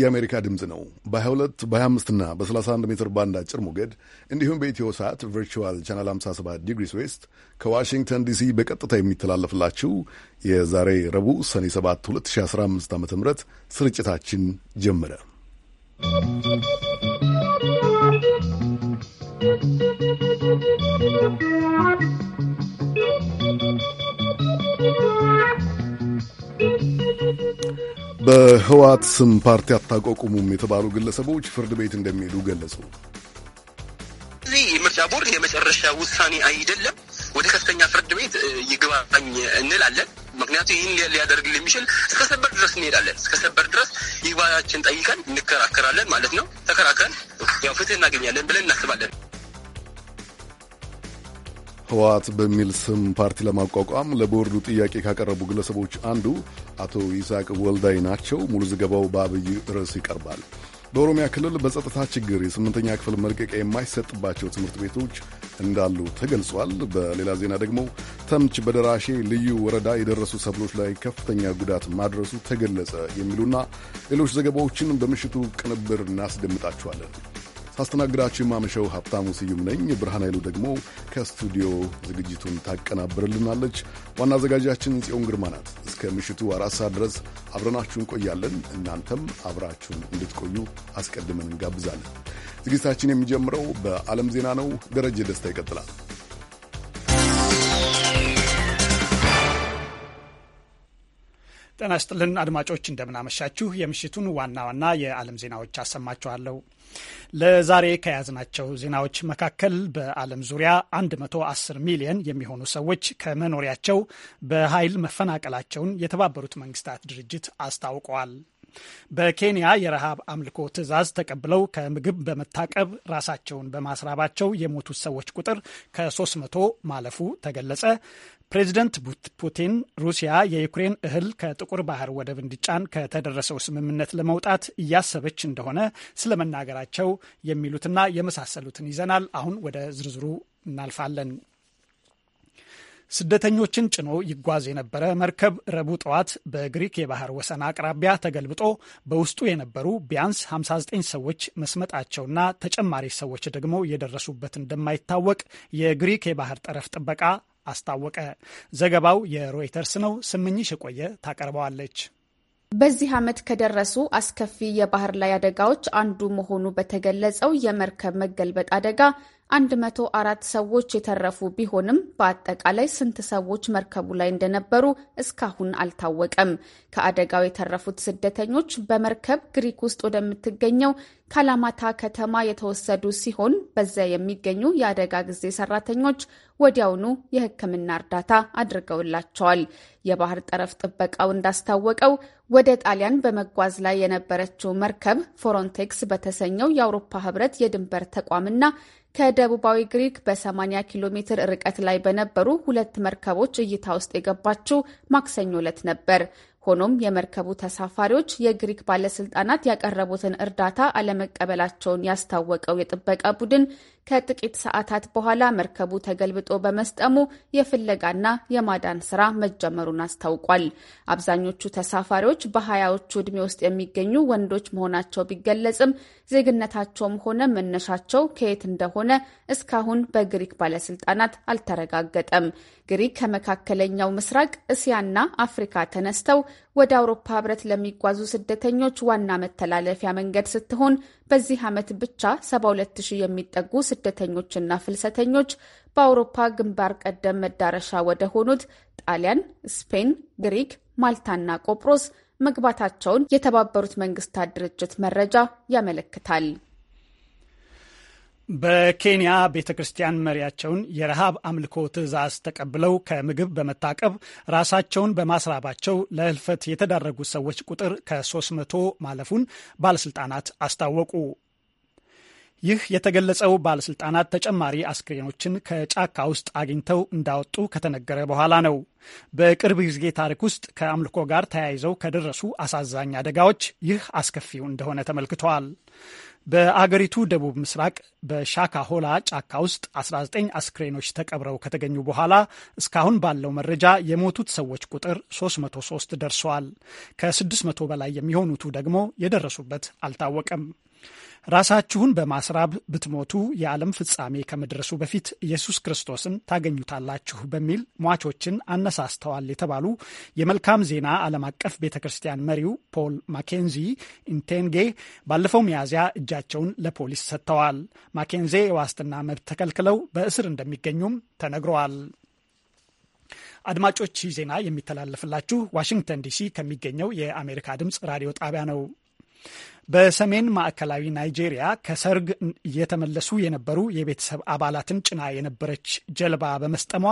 የአሜሪካ ድምፅ ነው። በ22 በ25ና በ31 ሜትር ባንድ አጭር ሞገድ እንዲሁም በኢትዮ ሰዓት ቨርቹዋል ቻናል 57 ዲግሪስ ዌስት ከዋሽንግተን ዲሲ በቀጥታ የሚተላለፍላችሁ የዛሬ ረቡዕ ሰኔ 7 2015 ዓ ም ስርጭታችን ጀመረ። በህወሓት ስም ፓርቲ አታቋቁሙም የተባሉ ግለሰቦች ፍርድ ቤት እንደሚሄዱ ገለጹ። እዚህ ምርጫ ቦርድ የመጨረሻ ውሳኔ አይደለም። ወደ ከፍተኛ ፍርድ ቤት ይግባኝ እንላለን። ምክንያቱ ይህን ሊያደርግል የሚችል እስከ ሰበር ድረስ እንሄዳለን። እስከ ሰበር ድረስ ይግባኛችን ጠይቀን እንከራከራለን ማለት ነው። ተከራከን ያው ፍትህ እናገኛለን ብለን እናስባለን። ህወሓት በሚል ስም ፓርቲ ለማቋቋም ለቦርዱ ጥያቄ ካቀረቡ ግለሰቦች አንዱ አቶ ይስሐቅ ወልዳይ ናቸው። ሙሉ ዘገባው በአብይ ርዕስ ይቀርባል። በኦሮሚያ ክልል በጸጥታ ችግር የስምንተኛ ክፍል መልቀቂያ የማይሰጥባቸው ትምህርት ቤቶች እንዳሉ ተገልጿል። በሌላ ዜና ደግሞ ተምች በደራሼ ልዩ ወረዳ የደረሱ ሰብሎች ላይ ከፍተኛ ጉዳት ማድረሱ ተገለጸ የሚሉና ሌሎች ዘገባዎችን በምሽቱ ቅንብር እናስደምጣችኋለን። ሳስተናግዳችሁ የማመሸው ሀብታሙ ስዩም ነኝ። ብርሃን ኃይሉ ደግሞ ከስቱዲዮ ዝግጅቱን ታቀናብርልናለች። ዋና አዘጋጃችን ጽዮን ግርማ ናት። እስከ ምሽቱ አራት ሰዓት ድረስ አብረናችሁ እንቆያለን። እናንተም አብራችሁን እንድትቆዩ አስቀድመን እንጋብዛለን። ዝግጅታችን የሚጀምረው በዓለም ዜና ነው። ደረጀ ደስታ ይቀጥላል። ጤና ይስጥልን አድማጮች፣ እንደምናመሻችሁ። የምሽቱን ዋና ዋና የዓለም ዜናዎች አሰማችኋለሁ። ለዛሬ ከያዝናቸው ዜናዎች መካከል በዓለም ዙሪያ 110 ሚሊዮን የሚሆኑ ሰዎች ከመኖሪያቸው በኃይል መፈናቀላቸውን የተባበሩት መንግስታት ድርጅት አስታውቀዋል። በኬንያ የረሃብ አምልኮ ትዕዛዝ ተቀብለው ከምግብ በመታቀብ ራሳቸውን በማስራባቸው የሞቱት ሰዎች ቁጥር ከ300 ማለፉ ተገለጸ። ፕሬዚደንት ፑቲን ሩሲያ የዩክሬን እህል ከጥቁር ባህር ወደብ እንዲጫን ከተደረሰው ስምምነት ለመውጣት እያሰበች እንደሆነ ስለመናገራቸው የሚሉትና የመሳሰሉትን ይዘናል። አሁን ወደ ዝርዝሩ እናልፋለን። ስደተኞችን ጭኖ ይጓዝ የነበረ መርከብ ረቡዕ ጠዋት በግሪክ የባህር ወሰን አቅራቢያ ተገልብጦ በውስጡ የነበሩ ቢያንስ 59 ሰዎች መስመጣቸውና ተጨማሪ ሰዎች ደግሞ የደረሱበት እንደማይታወቅ የግሪክ የባህር ጠረፍ ጥበቃ አስታወቀ። ዘገባው የሮይተርስ ነው። ስምኝሽ የቆየ ታቀርበዋለች። በዚህ ዓመት ከደረሱ አስከፊ የባህር ላይ አደጋዎች አንዱ መሆኑ በተገለጸው የመርከብ መገልበጥ አደጋ 104 ሰዎች የተረፉ ቢሆንም በአጠቃላይ ስንት ሰዎች መርከቡ ላይ እንደነበሩ እስካሁን አልታወቀም። ከአደጋው የተረፉት ስደተኞች በመርከብ ግሪክ ውስጥ ወደምትገኘው ካላማታ ከተማ የተወሰዱ ሲሆን በዚያ የሚገኙ የአደጋ ጊዜ ሰራተኞች ወዲያውኑ የሕክምና እርዳታ አድርገውላቸዋል። የባህር ጠረፍ ጥበቃው እንዳስታወቀው ወደ ጣሊያን በመጓዝ ላይ የነበረችው መርከብ ፎሮንቴክስ በተሰኘው የአውሮፓ ሕብረት የድንበር ተቋምና ከደቡባዊ ግሪክ በ80 ኪሎ ሜትር ርቀት ላይ በነበሩ ሁለት መርከቦች እይታ ውስጥ የገባችው ማክሰኞ ዕለት ነበር። ሆኖም የመርከቡ ተሳፋሪዎች የግሪክ ባለስልጣናት ያቀረቡትን እርዳታ አለመቀበላቸውን ያስታወቀው የጥበቃ ቡድን ከጥቂት ሰዓታት በኋላ መርከቡ ተገልብጦ በመስጠሙ የፍለጋና የማዳን ስራ መጀመሩን አስታውቋል። አብዛኞቹ ተሳፋሪዎች በሀያዎቹ ዕድሜ ውስጥ የሚገኙ ወንዶች መሆናቸው ቢገለጽም ዜግነታቸውም ሆነ መነሻቸው ከየት እንደሆነ እስካሁን በግሪክ ባለስልጣናት አልተረጋገጠም። ግሪክ ከመካከለኛው ምስራቅ እስያና አፍሪካ ተነስተው ወደ አውሮፓ ህብረት ለሚጓዙ ስደተኞች ዋና መተላለፊያ መንገድ ስትሆን በዚህ ዓመት ብቻ 720 የሚጠጉ ስደተኞችና ፍልሰተኞች በአውሮፓ ግንባር ቀደም መዳረሻ ወደ ሆኑት ጣሊያን፣ ስፔን፣ ግሪክ፣ ማልታና ቆጵሮስ መግባታቸውን የተባበሩት መንግስታት ድርጅት መረጃ ያመለክታል። በኬንያ ቤተ ክርስቲያን መሪያቸውን የረሃብ አምልኮ ትዕዛዝ ተቀብለው ከምግብ በመታቀብ ራሳቸውን በማስራባቸው ለህልፈት የተዳረጉ ሰዎች ቁጥር ከ300 ማለፉን ባለስልጣናት አስታወቁ። ይህ የተገለጸው ባለስልጣናት ተጨማሪ አስክሬኖችን ከጫካ ውስጥ አግኝተው እንዳወጡ ከተነገረ በኋላ ነው። በቅርብ ጊዜ ታሪክ ውስጥ ከአምልኮ ጋር ተያይዘው ከደረሱ አሳዛኝ አደጋዎች ይህ አስከፊው እንደሆነ ተመልክተዋል። በአገሪቱ ደቡብ ምስራቅ በሻካ ሆላ ጫካ ውስጥ 19 አስክሬኖች ተቀብረው ከተገኙ በኋላ እስካሁን ባለው መረጃ የሞቱት ሰዎች ቁጥር 303 ደርሰዋል። ከ600 በላይ የሚሆኑቱ ደግሞ የደረሱበት አልታወቀም። ራሳችሁን በማስራብ ብትሞቱ የዓለም ፍጻሜ ከመድረሱ በፊት ኢየሱስ ክርስቶስን ታገኙታላችሁ በሚል ሟቾችን አነሳስተዋል የተባሉ የመልካም ዜና ዓለም አቀፍ ቤተ ክርስቲያን መሪው ፖል ማኬንዚ ኢንቴንጌ ባለፈው ሚያዝያ እጃቸውን ለፖሊስ ሰጥተዋል። ማኬንዜ የዋስትና መብት ተከልክለው በእስር እንደሚገኙም ተነግረዋል። አድማጮች፣ ዜና የሚተላለፍላችሁ ዋሽንግተን ዲሲ ከሚገኘው የአሜሪካ ድምፅ ራዲዮ ጣቢያ ነው። በሰሜን ማዕከላዊ ናይጄሪያ ከሰርግ እየተመለሱ የነበሩ የቤተሰብ አባላትን ጭና የነበረች ጀልባ በመስጠሟ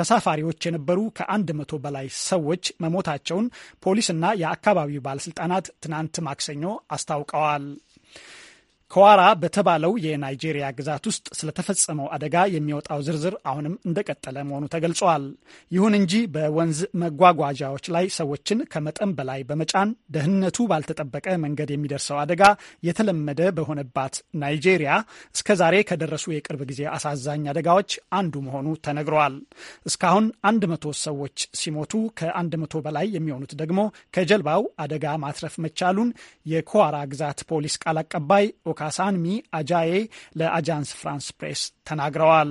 ተሳፋሪዎች የነበሩ ከአንድ መቶ በላይ ሰዎች መሞታቸውን ፖሊስና የአካባቢው ባለስልጣናት ትናንት ማክሰኞ አስታውቀዋል። ከዋራ በተባለው የናይጄሪያ ግዛት ውስጥ ስለተፈጸመው አደጋ የሚወጣው ዝርዝር አሁንም እንደቀጠለ መሆኑ ተገልጿል። ይሁን እንጂ በወንዝ መጓጓዣዎች ላይ ሰዎችን ከመጠን በላይ በመጫን ደህንነቱ ባልተጠበቀ መንገድ የሚደርሰው አደጋ የተለመደ በሆነባት ናይጄሪያ እስከዛሬ ከደረሱ የቅርብ ጊዜ አሳዛኝ አደጋዎች አንዱ መሆኑ ተነግሯል። እስካሁን አንድ መቶ ሰዎች ሲሞቱ ከአንድ መቶ በላይ የሚሆኑት ደግሞ ከጀልባው አደጋ ማትረፍ መቻሉን የከዋራ ግዛት ፖሊስ ቃል አቀባይ ካሳንሚ አጃዬ ለአጃንስ ፍራንስ ፕሬስ ተናግረዋል።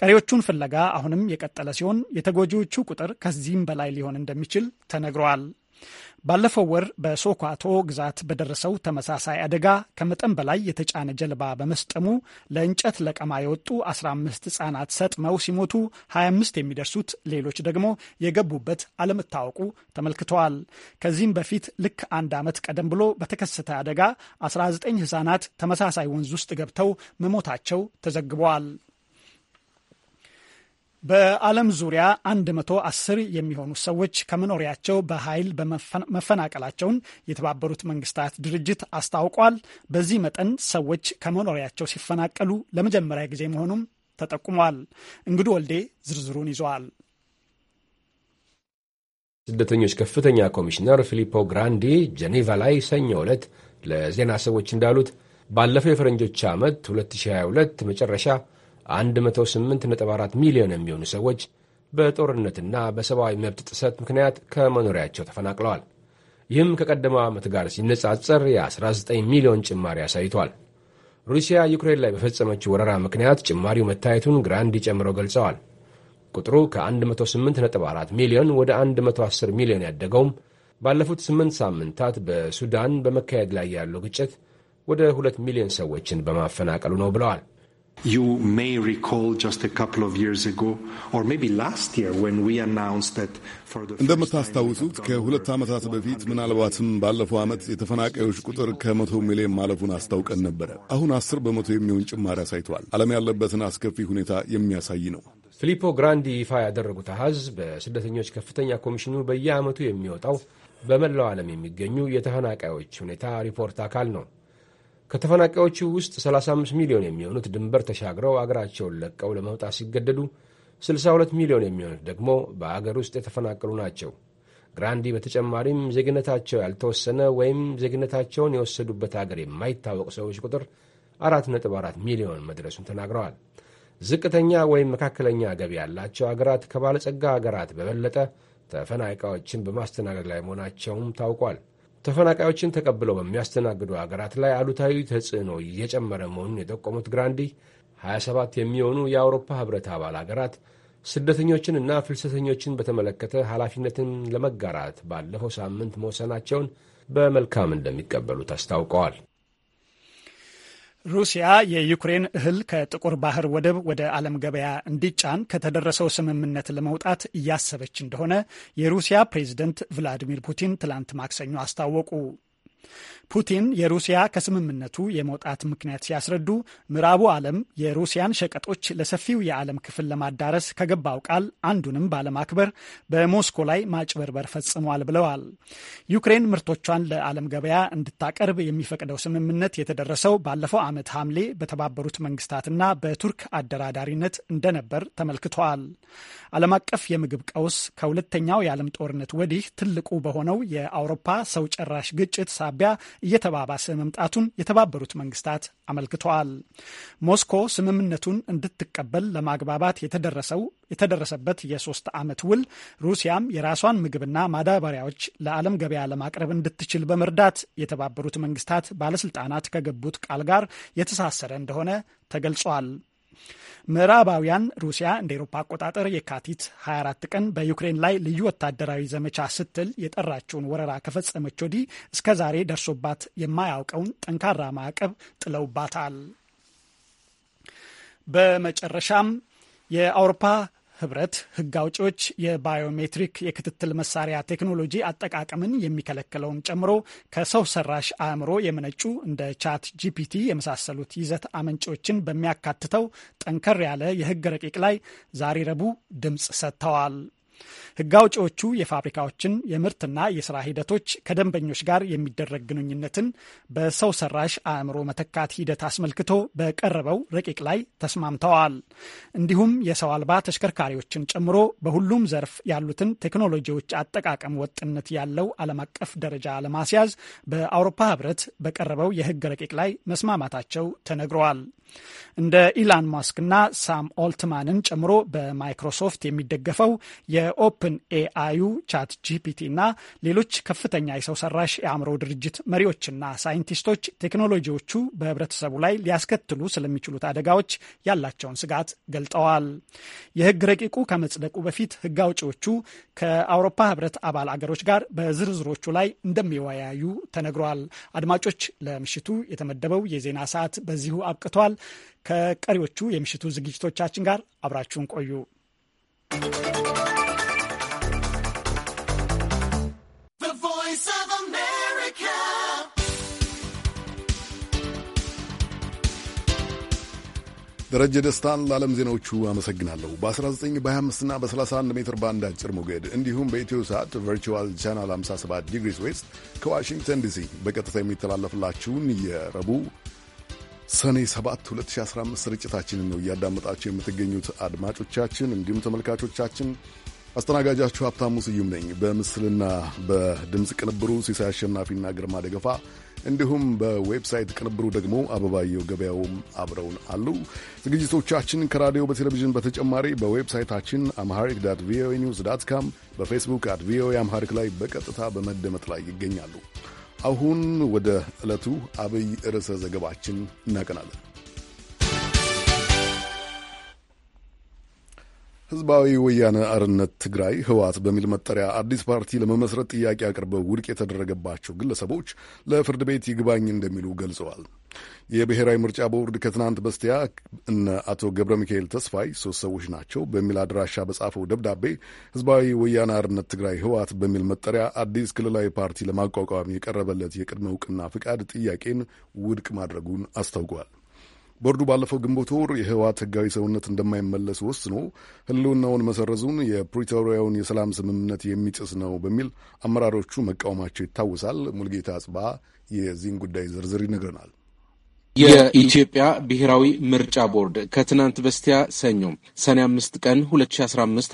ቀሪዎቹን ፍለጋ አሁንም የቀጠለ ሲሆን የተጎጂዎቹ ቁጥር ከዚህም በላይ ሊሆን እንደሚችል ተነግሯል። ባለፈው ወር በሶኳቶ ግዛት በደረሰው ተመሳሳይ አደጋ ከመጠን በላይ የተጫነ ጀልባ በመስጠሙ ለእንጨት ለቀማ የወጡ 15 ህጻናት ሰጥመው ሲሞቱ 25 የሚደርሱት ሌሎች ደግሞ የገቡበት አለመታወቁ ተመልክተዋል። ከዚህም በፊት ልክ አንድ ዓመት ቀደም ብሎ በተከሰተ አደጋ 19 ህጻናት ተመሳሳይ ወንዝ ውስጥ ገብተው መሞታቸው ተዘግበዋል። በዓለም ዙሪያ 110 የሚሆኑ ሰዎች ከመኖሪያቸው በኃይል መፈናቀላቸውን የተባበሩት መንግስታት ድርጅት አስታውቋል። በዚህ መጠን ሰዎች ከመኖሪያቸው ሲፈናቀሉ ለመጀመሪያ ጊዜ መሆኑም ተጠቁሟል። እንግዱ ወልዴ ዝርዝሩን ይዘዋል። ስደተኞች ከፍተኛ ኮሚሽነር ፊሊፖ ግራንዲ ጀኔቫ ላይ ሰኞ ዕለት ለዜና ሰዎች እንዳሉት ባለፈው የፈረንጆች ዓመት 2022 መጨረሻ 108.4 ሚሊዮን የሚሆኑ ሰዎች በጦርነትና በሰብአዊ መብት ጥሰት ምክንያት ከመኖሪያቸው ተፈናቅለዋል። ይህም ከቀደመው ዓመት ጋር ሲነጻጸር የ19 ሚሊዮን ጭማሪ አሳይቷል። ሩሲያ ዩክሬን ላይ በፈጸመችው ወረራ ምክንያት ጭማሪው መታየቱን ግራንዲ ጨምረው ገልጸዋል። ቁጥሩ ከ108.4 ሚሊዮን ወደ 110 ሚሊዮን ያደገውም ባለፉት 8 ሳምንታት በሱዳን በመካሄድ ላይ ያለው ግጭት ወደ 2 ሚሊዮን ሰዎችን በማፈናቀሉ ነው ብለዋል። You may recall just a couple of years ago, or maybe last year when we announced that for the እንደምታስታውሱት ከሁለት ዓመታት በፊት ምናልባትም ባለፈው ዓመት የተፈናቃዮች ቁጥር ከመቶ ሚሊዮን ማለፉን አስታውቀን ነበረ። አሁን አስር በመቶ የሚሆን ጭማሪ አሳይተዋል። ዓለም ያለበትን አስከፊ ሁኔታ የሚያሳይ ነው። ፊሊፖ ግራንዲ ይፋ ያደረጉት አሃዝ በስደተኞች ከፍተኛ ኮሚሽኑ በየዓመቱ የሚወጣው በመላው ዓለም የሚገኙ የተፈናቃዮች ሁኔታ ሪፖርት አካል ነው። ከተፈናቃዮቹ ውስጥ 35 ሚሊዮን የሚሆኑት ድንበር ተሻግረው አገራቸውን ለቀው ለመውጣት ሲገደዱ 62 ሚሊዮን የሚሆኑት ደግሞ በአገር ውስጥ የተፈናቀሉ ናቸው። ግራንዲ በተጨማሪም ዜግነታቸው ያልተወሰነ ወይም ዜግነታቸውን የወሰዱበት አገር የማይታወቅ ሰዎች ቁጥር 4.4 ሚሊዮን መድረሱን ተናግረዋል። ዝቅተኛ ወይም መካከለኛ ገቢ ያላቸው አገራት ከባለጸጋ አገራት በበለጠ ተፈናቃዮችን በማስተናገድ ላይ መሆናቸውም ታውቋል። ተፈናቃዮችን ተቀብለው በሚያስተናግዱ አገራት ላይ አሉታዊ ተጽዕኖ እየጨመረ መሆኑን የጠቆሙት ግራንዲ 27 የሚሆኑ የአውሮፓ ህብረት አባል አገራት ስደተኞችን እና ፍልሰተኞችን በተመለከተ ኃላፊነትን ለመጋራት ባለፈው ሳምንት መወሰናቸውን በመልካም እንደሚቀበሉት አስታውቀዋል። ሩሲያ የዩክሬን እህል ከጥቁር ባህር ወደብ ወደ ዓለም ገበያ እንዲጫን ከተደረሰው ስምምነት ለመውጣት እያሰበች እንደሆነ የሩሲያ ፕሬዝደንት ቭላዲሚር ፑቲን ትላንት ማክሰኞ አስታወቁ። ፑቲን የሩሲያ ከስምምነቱ የመውጣት ምክንያት ሲያስረዱ ምዕራቡ ዓለም የሩሲያን ሸቀጦች ለሰፊው የዓለም ክፍል ለማዳረስ ከገባው ቃል አንዱንም ባለማክበር በሞስኮ ላይ ማጭበርበር ፈጽሟል ብለዋል። ዩክሬን ምርቶቿን ለዓለም ገበያ እንድታቀርብ የሚፈቅደው ስምምነት የተደረሰው ባለፈው ዓመት ሐምሌ በተባበሩት መንግስታትና በቱርክ አደራዳሪነት እንደነበር ተመልክተዋል። ዓለም አቀፍ የምግብ ቀውስ ከሁለተኛው የዓለም ጦርነት ወዲህ ትልቁ በሆነው የአውሮፓ ሰው ጨራሽ ግጭት ሳቢያ እየተባባሰ መምጣቱን የተባበሩት መንግስታት አመልክተዋል። ሞስኮ ስምምነቱን እንድትቀበል ለማግባባት የተደረሰው የተደረሰበት የሶስት ዓመት ውል ሩሲያም የራሷን ምግብና ማዳበሪያዎች ለዓለም ገበያ ለማቅረብ እንድትችል በመርዳት የተባበሩት መንግስታት ባለስልጣናት ከገቡት ቃል ጋር የተሳሰረ እንደሆነ ተገልጿል። ምዕራባውያን ሩሲያ እንደ ኤሮፓ አቆጣጠር የካቲት 24 ቀን በዩክሬን ላይ ልዩ ወታደራዊ ዘመቻ ስትል የጠራችውን ወረራ ከፈጸመች ወዲህ እስከ ዛሬ ደርሶባት የማያውቀውን ጠንካራ ማዕቀብ ጥለውባታል። በመጨረሻም የአውሮፓ ህብረት ህግ አውጪዎች የባዮሜትሪክ የክትትል መሳሪያ ቴክኖሎጂ አጠቃቀምን የሚከለክለውን ጨምሮ ከሰው ሰራሽ አእምሮ የመነጩ እንደ ቻት ጂፒቲ የመሳሰሉት ይዘት አመንጮችን በሚያካትተው ጠንከር ያለ የህግ ረቂቅ ላይ ዛሬ ረቡዕ ድምፅ ሰጥተዋል። ህግ አውጪዎቹ የፋብሪካዎችን የምርትና የስራ ሂደቶች ከደንበኞች ጋር የሚደረግ ግንኙነትን በሰው ሰራሽ አእምሮ መተካት ሂደት አስመልክቶ በቀረበው ረቂቅ ላይ ተስማምተዋል። እንዲሁም የሰው አልባ ተሽከርካሪዎችን ጨምሮ በሁሉም ዘርፍ ያሉትን ቴክኖሎጂዎች አጠቃቀም ወጥነት ያለው ዓለም አቀፍ ደረጃ ለማስያዝ በአውሮፓ ህብረት በቀረበው የህግ ረቂቅ ላይ መስማማታቸው ተነግረዋል። እንደ ኢላን ማስክና ሳም ኦልትማንን ጨምሮ በማይክሮሶፍት የሚደገፈው የኦፕ ኦፕን ኤአዩ፣ ቻት ጂፒቲ እና ሌሎች ከፍተኛ የሰው ሰራሽ የአእምሮ ድርጅት መሪዎችና ሳይንቲስቶች ቴክኖሎጂዎቹ በህብረተሰቡ ላይ ሊያስከትሉ ስለሚችሉት አደጋዎች ያላቸውን ስጋት ገልጠዋል። የህግ ረቂቁ ከመጽደቁ በፊት ህግ አውጪዎቹ ከአውሮፓ ህብረት አባል አገሮች ጋር በዝርዝሮቹ ላይ እንደሚወያዩ ተነግሯል። አድማጮች፣ ለምሽቱ የተመደበው የዜና ሰዓት በዚሁ አብቅቷል። ከቀሪዎቹ የምሽቱ ዝግጅቶቻችን ጋር አብራችሁን ቆዩ። ደረጀ ደስታን ለዓለም ዜናዎቹ አመሰግናለሁ። በ19 በ25ና በ31 ሜትር ባንድ አጭር ሞገድ እንዲሁም በኢትዮ ሰዓት ቨርቹዋል ቻናል 57 ዲግሪስ ዌስት ከዋሽንግተን ዲሲ በቀጥታ የሚተላለፍላችሁን የረቡዕ ሰኔ 7 2015 ስርጭታችንን ነው እያዳመጣችሁ የምትገኙት አድማጮቻችን፣ እንዲሁም ተመልካቾቻችን። አስተናጋጃችሁ ሀብታሙ ስዩም ነኝ። በምስልና በድምፅ ቅንብሩ ሲሳይ አሸናፊና ግርማ ደገፋ እንዲሁም በዌብሳይት ቅንብሩ ደግሞ አበባየው ገበያውም አብረውን አሉ። ዝግጅቶቻችን ከራዲዮ በቴሌቪዥን በተጨማሪ በዌብሳይታችን አምሃሪክ ዳት ቪኦኤ ኒውስ ዳት ካም፣ በፌስቡክ አት ቪኦኤ አምሃሪክ ላይ በቀጥታ በመደመጥ ላይ ይገኛሉ። አሁን ወደ ዕለቱ አብይ ርዕሰ ዘገባችን እናቀናለን። ህዝባዊ ወያነ አርነት ትግራይ ህወሓት በሚል መጠሪያ አዲስ ፓርቲ ለመመስረት ጥያቄ አቅርበው ውድቅ የተደረገባቸው ግለሰቦች ለፍርድ ቤት ይግባኝ እንደሚሉ ገልጸዋል። የብሔራዊ ምርጫ ቦርድ ከትናንት በስቲያ እነ አቶ ገብረ ሚካኤል ተስፋይ ሶስት ሰዎች ናቸው በሚል አድራሻ በጻፈው ደብዳቤ ህዝባዊ ወያነ አርነት ትግራይ ህወሓት በሚል መጠሪያ አዲስ ክልላዊ ፓርቲ ለማቋቋም የቀረበለት የቅድመ እውቅና ፍቃድ ጥያቄን ውድቅ ማድረጉን አስታውቋል። ቦርዱ ባለፈው ግንቦት ወር የህወሓት ህጋዊ ሰውነት እንደማይመለስ ወስኖ ህልውናውን መሰረዙን የፕሪቶሪያውን የሰላም ስምምነት የሚጥስ ነው በሚል አመራሮቹ መቃወማቸው ይታወሳል። ሙልጌታ አጽባ የዚህን ጉዳይ ዝርዝር ይነግረናል። የኢትዮጵያ ብሔራዊ ምርጫ ቦርድ ከትናንት በስቲያ ሰኞ ሰኔ አምስት ቀን ሁለት ሺ አስራ አምስት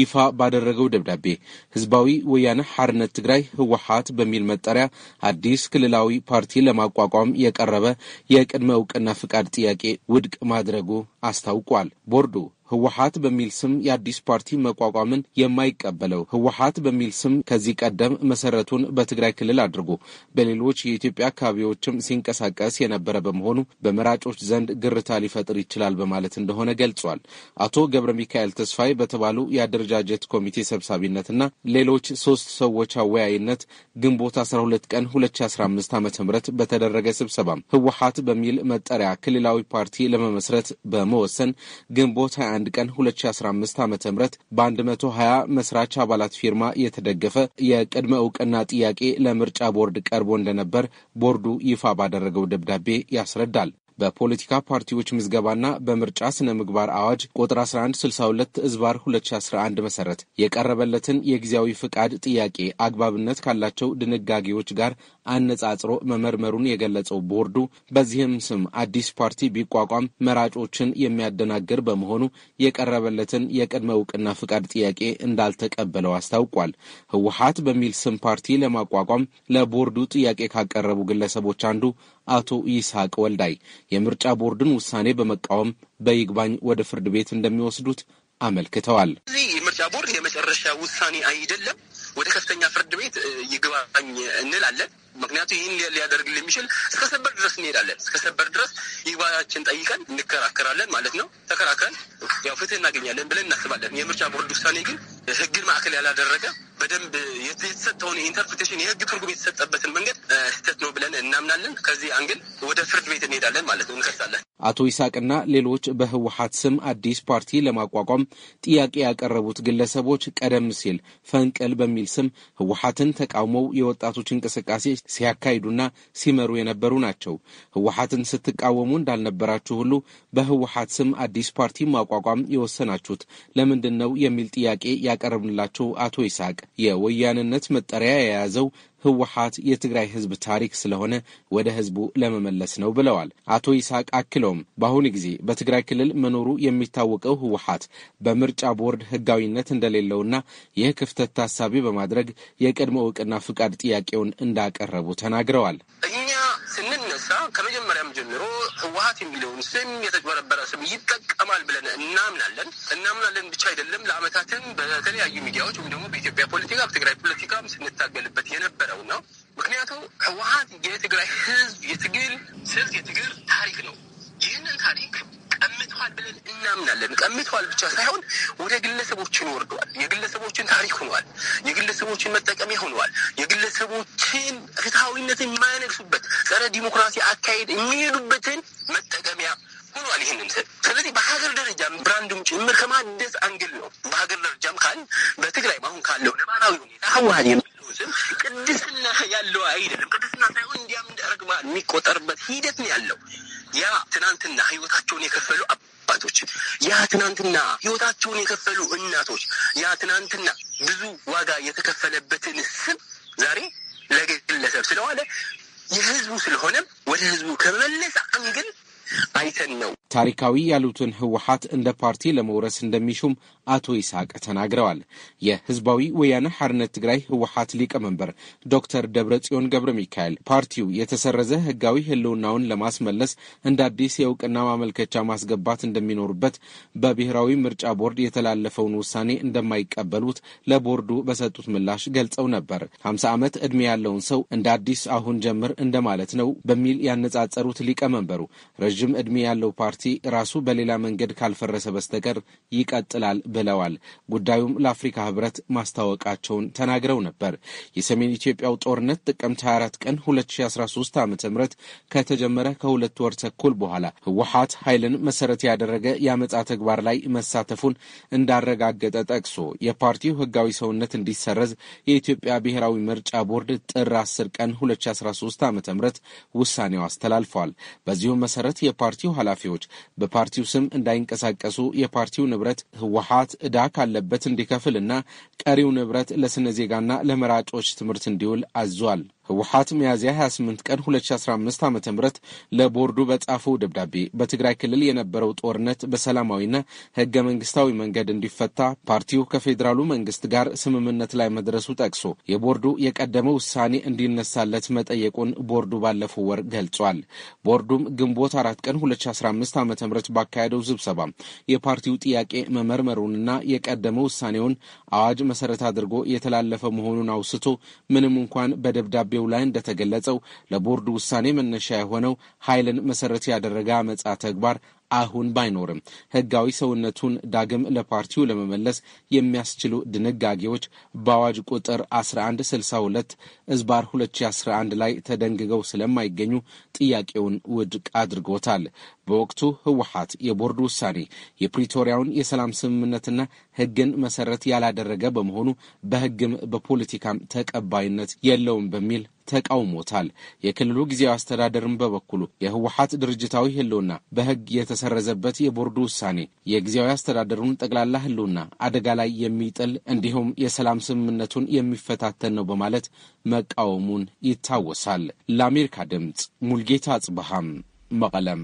ይፋ ባደረገው ደብዳቤ ህዝባዊ ወያነ ሐርነት ትግራይ ህወሀት በሚል መጠሪያ አዲስ ክልላዊ ፓርቲ ለማቋቋም የቀረበ የቅድመ እውቅና ፍቃድ ጥያቄ ውድቅ ማድረጉ አስታውቋል። ቦርዱ ህወሓት በሚል ስም የአዲስ ፓርቲ መቋቋምን የማይቀበለው ህወሓት በሚል ስም ከዚህ ቀደም መሰረቱን በትግራይ ክልል አድርጎ በሌሎች የኢትዮጵያ አካባቢዎችም ሲንቀሳቀስ የነበረ በመሆኑ በመራጮች ዘንድ ግርታ ሊፈጥር ይችላል በማለት እንደሆነ ገልጿል። አቶ ገብረ ሚካኤል ተስፋዬ በተባሉ የአደረጃጀት ኮሚቴ ሰብሳቢነትና ሌሎች ሶስት ሰዎች አወያይነት ግንቦት 12 ቀን 2015 ዓ ም በተደረገ ስብሰባም ህወሓት በሚል መጠሪያ ክልላዊ ፓርቲ ለመመስረት በመወሰን ግንቦት 21 ቀን 2015 ዓ ም በ120 መስራች አባላት ፊርማ የተደገፈ የቅድመ እውቅና ጥያቄ ለምርጫ ቦርድ ቀርቦ እንደነበር ቦርዱ ይፋ ባደረገው ደብዳቤ ያስረዳል። በፖለቲካ ፓርቲዎች ምዝገባና በምርጫ ስነ ምግባር አዋጅ ቁጥር 1162 እዝባር 2011 መሰረት የቀረበለትን የጊዜያዊ ፍቃድ ጥያቄ አግባብነት ካላቸው ድንጋጌዎች ጋር አነጻጽሮ መመርመሩን የገለጸው ቦርዱ በዚህም ስም አዲስ ፓርቲ ቢቋቋም መራጮችን የሚያደናግር በመሆኑ የቀረበለትን የቅድመ እውቅና ፍቃድ ጥያቄ እንዳልተቀበለው አስታውቋል። ህወሀት በሚል ስም ፓርቲ ለማቋቋም ለቦርዱ ጥያቄ ካቀረቡ ግለሰቦች አንዱ አቶ ይስሐቅ ወልዳይ የምርጫ ቦርድን ውሳኔ በመቃወም በይግባኝ ወደ ፍርድ ቤት እንደሚወስዱት አመልክተዋል። እዚህ ምርጫ ቦርድ የመጨረሻ ውሳኔ አይደለም። ወደ ከፍተኛ ፍርድ ቤት ይግባኝ እንላለን። ምክንያቱም ይህን ሊያደርግልን የሚችል እስከ ሰበር ድረስ እንሄዳለን። እስከ ሰበር ድረስ ይግባኛችን ጠይቀን እንከራከራለን ማለት ነው። ተከራክረን ያው ፍትህ እናገኛለን ብለን እናስባለን። የምርጫ ቦርድ ውሳኔ ግን ህግን ማዕከል ያላደረገ በደንብ የተሰጠውን ኢንተርፕሬቴሽን የህግ ትርጉም የተሰጠበትን መንገድ ስህተት ነው ብለን እናምናለን። ከዚህ አንግል ወደ ፍርድ ቤት እንሄዳለን ማለት ነው፣ እንከሳለን። አቶ ይስሐቅና ሌሎች በህወሀት ስም አዲስ ፓርቲ ለማቋቋም ጥያቄ ያቀረቡት ግለሰቦች ቀደም ሲል ፈንቅል በሚል ስም ህወሀትን ተቃውመው የወጣቶች እንቅስቃሴ ሲያካሂዱና ሲመሩ የነበሩ ናቸው። ህወሀትን ስትቃወሙ እንዳልነበራችሁ ሁሉ በህወሀት ስም አዲስ ፓርቲ ማቋቋም የወሰናችሁት ለምንድን ነው የሚል ጥያቄ ያቀረብንላቸው አቶ ይስሐቅ የወያንነት መጠሪያ የያዘው ህወሓት የትግራይ ህዝብ ታሪክ ስለሆነ ወደ ህዝቡ ለመመለስ ነው ብለዋል አቶ ይስሐቅ። አክለውም በአሁኑ ጊዜ በትግራይ ክልል መኖሩ የሚታወቀው ህወሓት በምርጫ ቦርድ ህጋዊነት እንደሌለውና ይህ ክፍተት ታሳቢ በማድረግ የቀድሞ እውቅና ፍቃድ ጥያቄውን እንዳቀረቡ ተናግረዋል። እኛ ስንነሳ ከመጀመሪያም ጀምሮ ስርዓት የሚለውን ስም የተጭበረበረ ስም ይጠቀማል ብለን እናምናለን። እናምናለን ብቻ አይደለም፣ ለአመታትም በተለያዩ ሚዲያዎች ወይም ደግሞ በኢትዮጵያ ፖለቲካ በትግራይ ፖለቲካም ስንታገልበት የነበረው ነው። ምክንያቱም ህወሀት የትግራይ ህዝብ የትግል ስልት የትግል ታሪክ ነው። ይህንን ታሪክ ቀምተዋል ብለን እናምናለን። ቀምተዋል ብቻ ሳይሆን ወደ ግለሰቦችን ወርደዋል። የግለሰቦችን ታሪክ ሆነዋል። የግለሰቦችን መጠቀሚያ ሆነዋል። የግለሰቦችን ፍትሐዊነትን የማያነግሱበት ጸረ ዲሞክራሲ አካሄድ የሚሄዱበትን መጠቀሚያ ሆኗል። ይህንን ስለዚህ በሀገር ደረጃም ብራንድም ጭምር ከማደስ አንግል ነው። በሀገር ደረጃም ካል በትግራይ አሁን ካለው ነባራዊ ሁኔታ ህወሀት ትናንትና ህይወታቸውን የከፈሉ አባቶች፣ ያ ትናንትና ህይወታቸውን የከፈሉ እናቶች፣ ያ ትናንትና ብዙ ዋጋ የተከፈለበትን ስም ታሪካዊ ያሉትን ህወሀት እንደ ፓርቲ ለመውረስ እንደሚሹም አቶ ይስሐቅ ተናግረዋል። የህዝባዊ ወያነ ሓርነት ትግራይ ህወሀት ሊቀመንበር ዶክተር ደብረጽዮን ገብረ ሚካኤል ፓርቲው የተሰረዘ ህጋዊ ህልውናውን ለማስመለስ እንደ አዲስ የእውቅና ማመልከቻ ማስገባት እንደሚኖርበት በብሔራዊ ምርጫ ቦርድ የተላለፈውን ውሳኔ እንደማይቀበሉት ለቦርዱ በሰጡት ምላሽ ገልጸው ነበር። ሀምሳ ዓመት ዕድሜ ያለውን ሰው እንደ አዲስ አሁን ጀምር እንደማለት ነው በሚል ያነጻጸሩት ሊቀመንበሩ ረዥም ዕድሜ ያለው ፓርቲ ራሱ በሌላ መንገድ ካልፈረሰ በስተቀር ይቀጥላል ብለዋል። ጉዳዩም ለአፍሪካ ህብረት ማስታወቃቸውን ተናግረው ነበር። የሰሜን ኢትዮጵያው ጦርነት ጥቅምት 24 ቀን 2013 ዓ ም ከተጀመረ ከሁለት ወር ተኩል በኋላ ህወሀት ኃይልን መሰረት ያደረገ የአመፃ ተግባር ላይ መሳተፉን እንዳረጋገጠ ጠቅሶ የፓርቲው ህጋዊ ሰውነት እንዲሰረዝ የኢትዮጵያ ብሔራዊ ምርጫ ቦርድ ጥር 10 ቀን 2013 ዓ ም ውሳኔው አስተላልፏል። በዚሁም መሰረት የፓርቲው ኃላፊዎች በፓርቲው ስም እንዳይንቀሳቀሱ የፓርቲው ንብረት ህወሀት እዳ ካለበት እንዲከፍልና ቀሪው ንብረት ለስነ ዜጋና ለመራጮች ትምህርት እንዲውል አዟል። ህወሓት ሚያዝያ 28 ቀን 2015 ዓ ም ለቦርዱ በጻፈው ደብዳቤ በትግራይ ክልል የነበረው ጦርነት በሰላማዊና ህገ መንግስታዊ መንገድ እንዲፈታ ፓርቲው ከፌዴራሉ መንግስት ጋር ስምምነት ላይ መድረሱ ጠቅሶ የቦርዱ የቀደመ ውሳኔ እንዲነሳለት መጠየቁን ቦርዱ ባለፈው ወር ገልጿል። ቦርዱም ግንቦት 4 ቀን 2015 ዓ ም ባካሄደው ስብሰባ የፓርቲው ጥያቄ መመርመሩንና የቀደመ ውሳኔውን አዋጅ መሰረት አድርጎ የተላለፈ መሆኑን አውስቶ ምንም እንኳን በደብዳቤ ደብዳቤው ላይ እንደተገለጸው ለቦርድ ውሳኔ መነሻ የሆነው ኃይልን መሰረት ያደረገ አመጻ ተግባር አሁን ባይኖርም ህጋዊ ሰውነቱን ዳግም ለፓርቲው ለመመለስ የሚያስችሉ ድንጋጌዎች በአዋጅ ቁጥር 1162 እዝባር 2011 ላይ ተደንግገው ስለማይገኙ ጥያቄውን ውድቅ አድርጎታል። በወቅቱ ህወሓት የቦርድ ውሳኔ የፕሪቶሪያውን የሰላም ስምምነትና ህግን መሰረት ያላደረገ በመሆኑ በህግም በፖለቲካም ተቀባይነት የለውም በሚል ተቃውሞታል። የክልሉ ጊዜያዊ አስተዳደርም በበኩሉ የህወሓት ድርጅታዊ ህልውና በህግ የተሰረዘበት የቦርዱ ውሳኔ የጊዜያዊ አስተዳደሩን ጠቅላላ ህልውና አደጋ ላይ የሚጥል እንዲሁም የሰላም ስምምነቱን የሚፈታተን ነው በማለት መቃወሙን ይታወሳል። ለአሜሪካ ድምፅ ሙልጌታ አጽብሃም መቀለም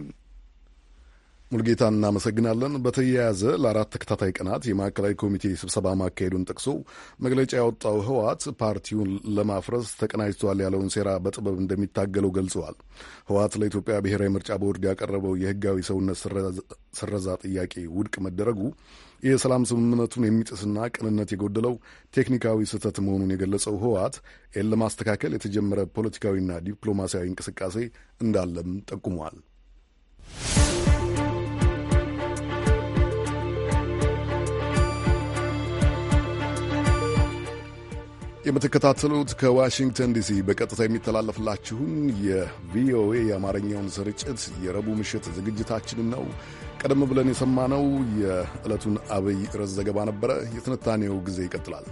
ሙልጌታ እናመሰግናለን። በተያያዘ ለአራት ተከታታይ ቀናት የማዕከላዊ ኮሚቴ ስብሰባ ማካሄዱን ጠቅሶ መግለጫ ያወጣው ህወሓት ፓርቲውን ለማፍረስ ተቀናጅቷል ያለውን ሴራ በጥበብ እንደሚታገለው ገልጸዋል። ህወሓት ለኢትዮጵያ ብሔራዊ ምርጫ ቦርድ ያቀረበው የህጋዊ ሰውነት ስረዛ ጥያቄ ውድቅ መደረጉ የሰላም ስምምነቱን የሚጥስና ቅንነት የጎደለው ቴክኒካዊ ስህተት መሆኑን የገለጸው ህወሓት ይህን ለማስተካከል የተጀመረ ፖለቲካዊና ዲፕሎማሲያዊ እንቅስቃሴ እንዳለም ጠቁሟል። የምትከታተሉት ከዋሽንግተን ዲሲ በቀጥታ የሚተላለፍላችሁን የቪኦኤ የአማርኛውን ስርጭት የረቡዕ ምሽት ዝግጅታችንን ነው። ቀደም ብለን የሰማነው የዕለቱን አብይ ርዕስ ዘገባ ነበረ። የትንታኔው ጊዜ ይቀጥላል።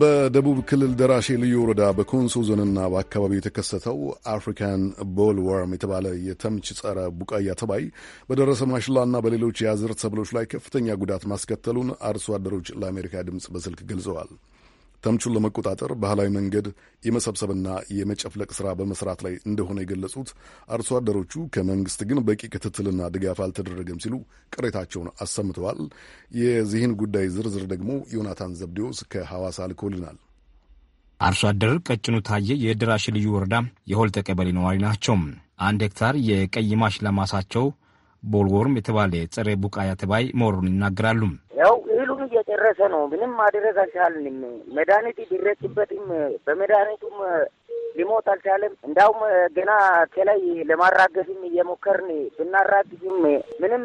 በደቡብ ክልል ደራሼ ልዩ ወረዳ በኮንሶ ዞንና በአካባቢው የተከሰተው አፍሪካን ወርም የተባለ የተምች ጸረ ቡቃያ ተባይ በደረሰ ማሽላና በሌሎች የአዝርት ሰብሎች ላይ ከፍተኛ ጉዳት ማስከተሉን አርሶ አደሮች ለአሜሪካ ድምፅ በስልክ ገልጸዋል። ተምቹን ለመቆጣጠር ባህላዊ መንገድ የመሰብሰብና የመጨፍለቅ ስራ በመስራት ላይ እንደሆነ የገለጹት አርሶ አደሮቹ ከመንግስት ግን በቂ ክትትልና ድጋፍ አልተደረገም ሲሉ ቅሬታቸውን አሰምተዋል። የዚህን ጉዳይ ዝርዝር ደግሞ ዮናታን ዘብዴዎስ ከሐዋሳ ልኮልናል። አርሶ አደር ቀጭኑ ታየ የድራሽ ልዩ ወረዳ የሆልተ ቀበሌ ነዋሪ ናቸው። አንድ ሄክታር የቀይማሽ ለማሳቸው ቦልወርም የተባለ ጸረ ቡቃያ ተባይ መወሩን ይናገራሉ። ያው ደረሰ ነው። ምንም ማድረግ አልቻልንም። መድኃኒት ቢረጭበትም በመድኃኒቱም ሊሞት አልቻለም። እንዳውም ገና ከላይ ለማራገፍም እየሞከርን ብናራግፍም ምንም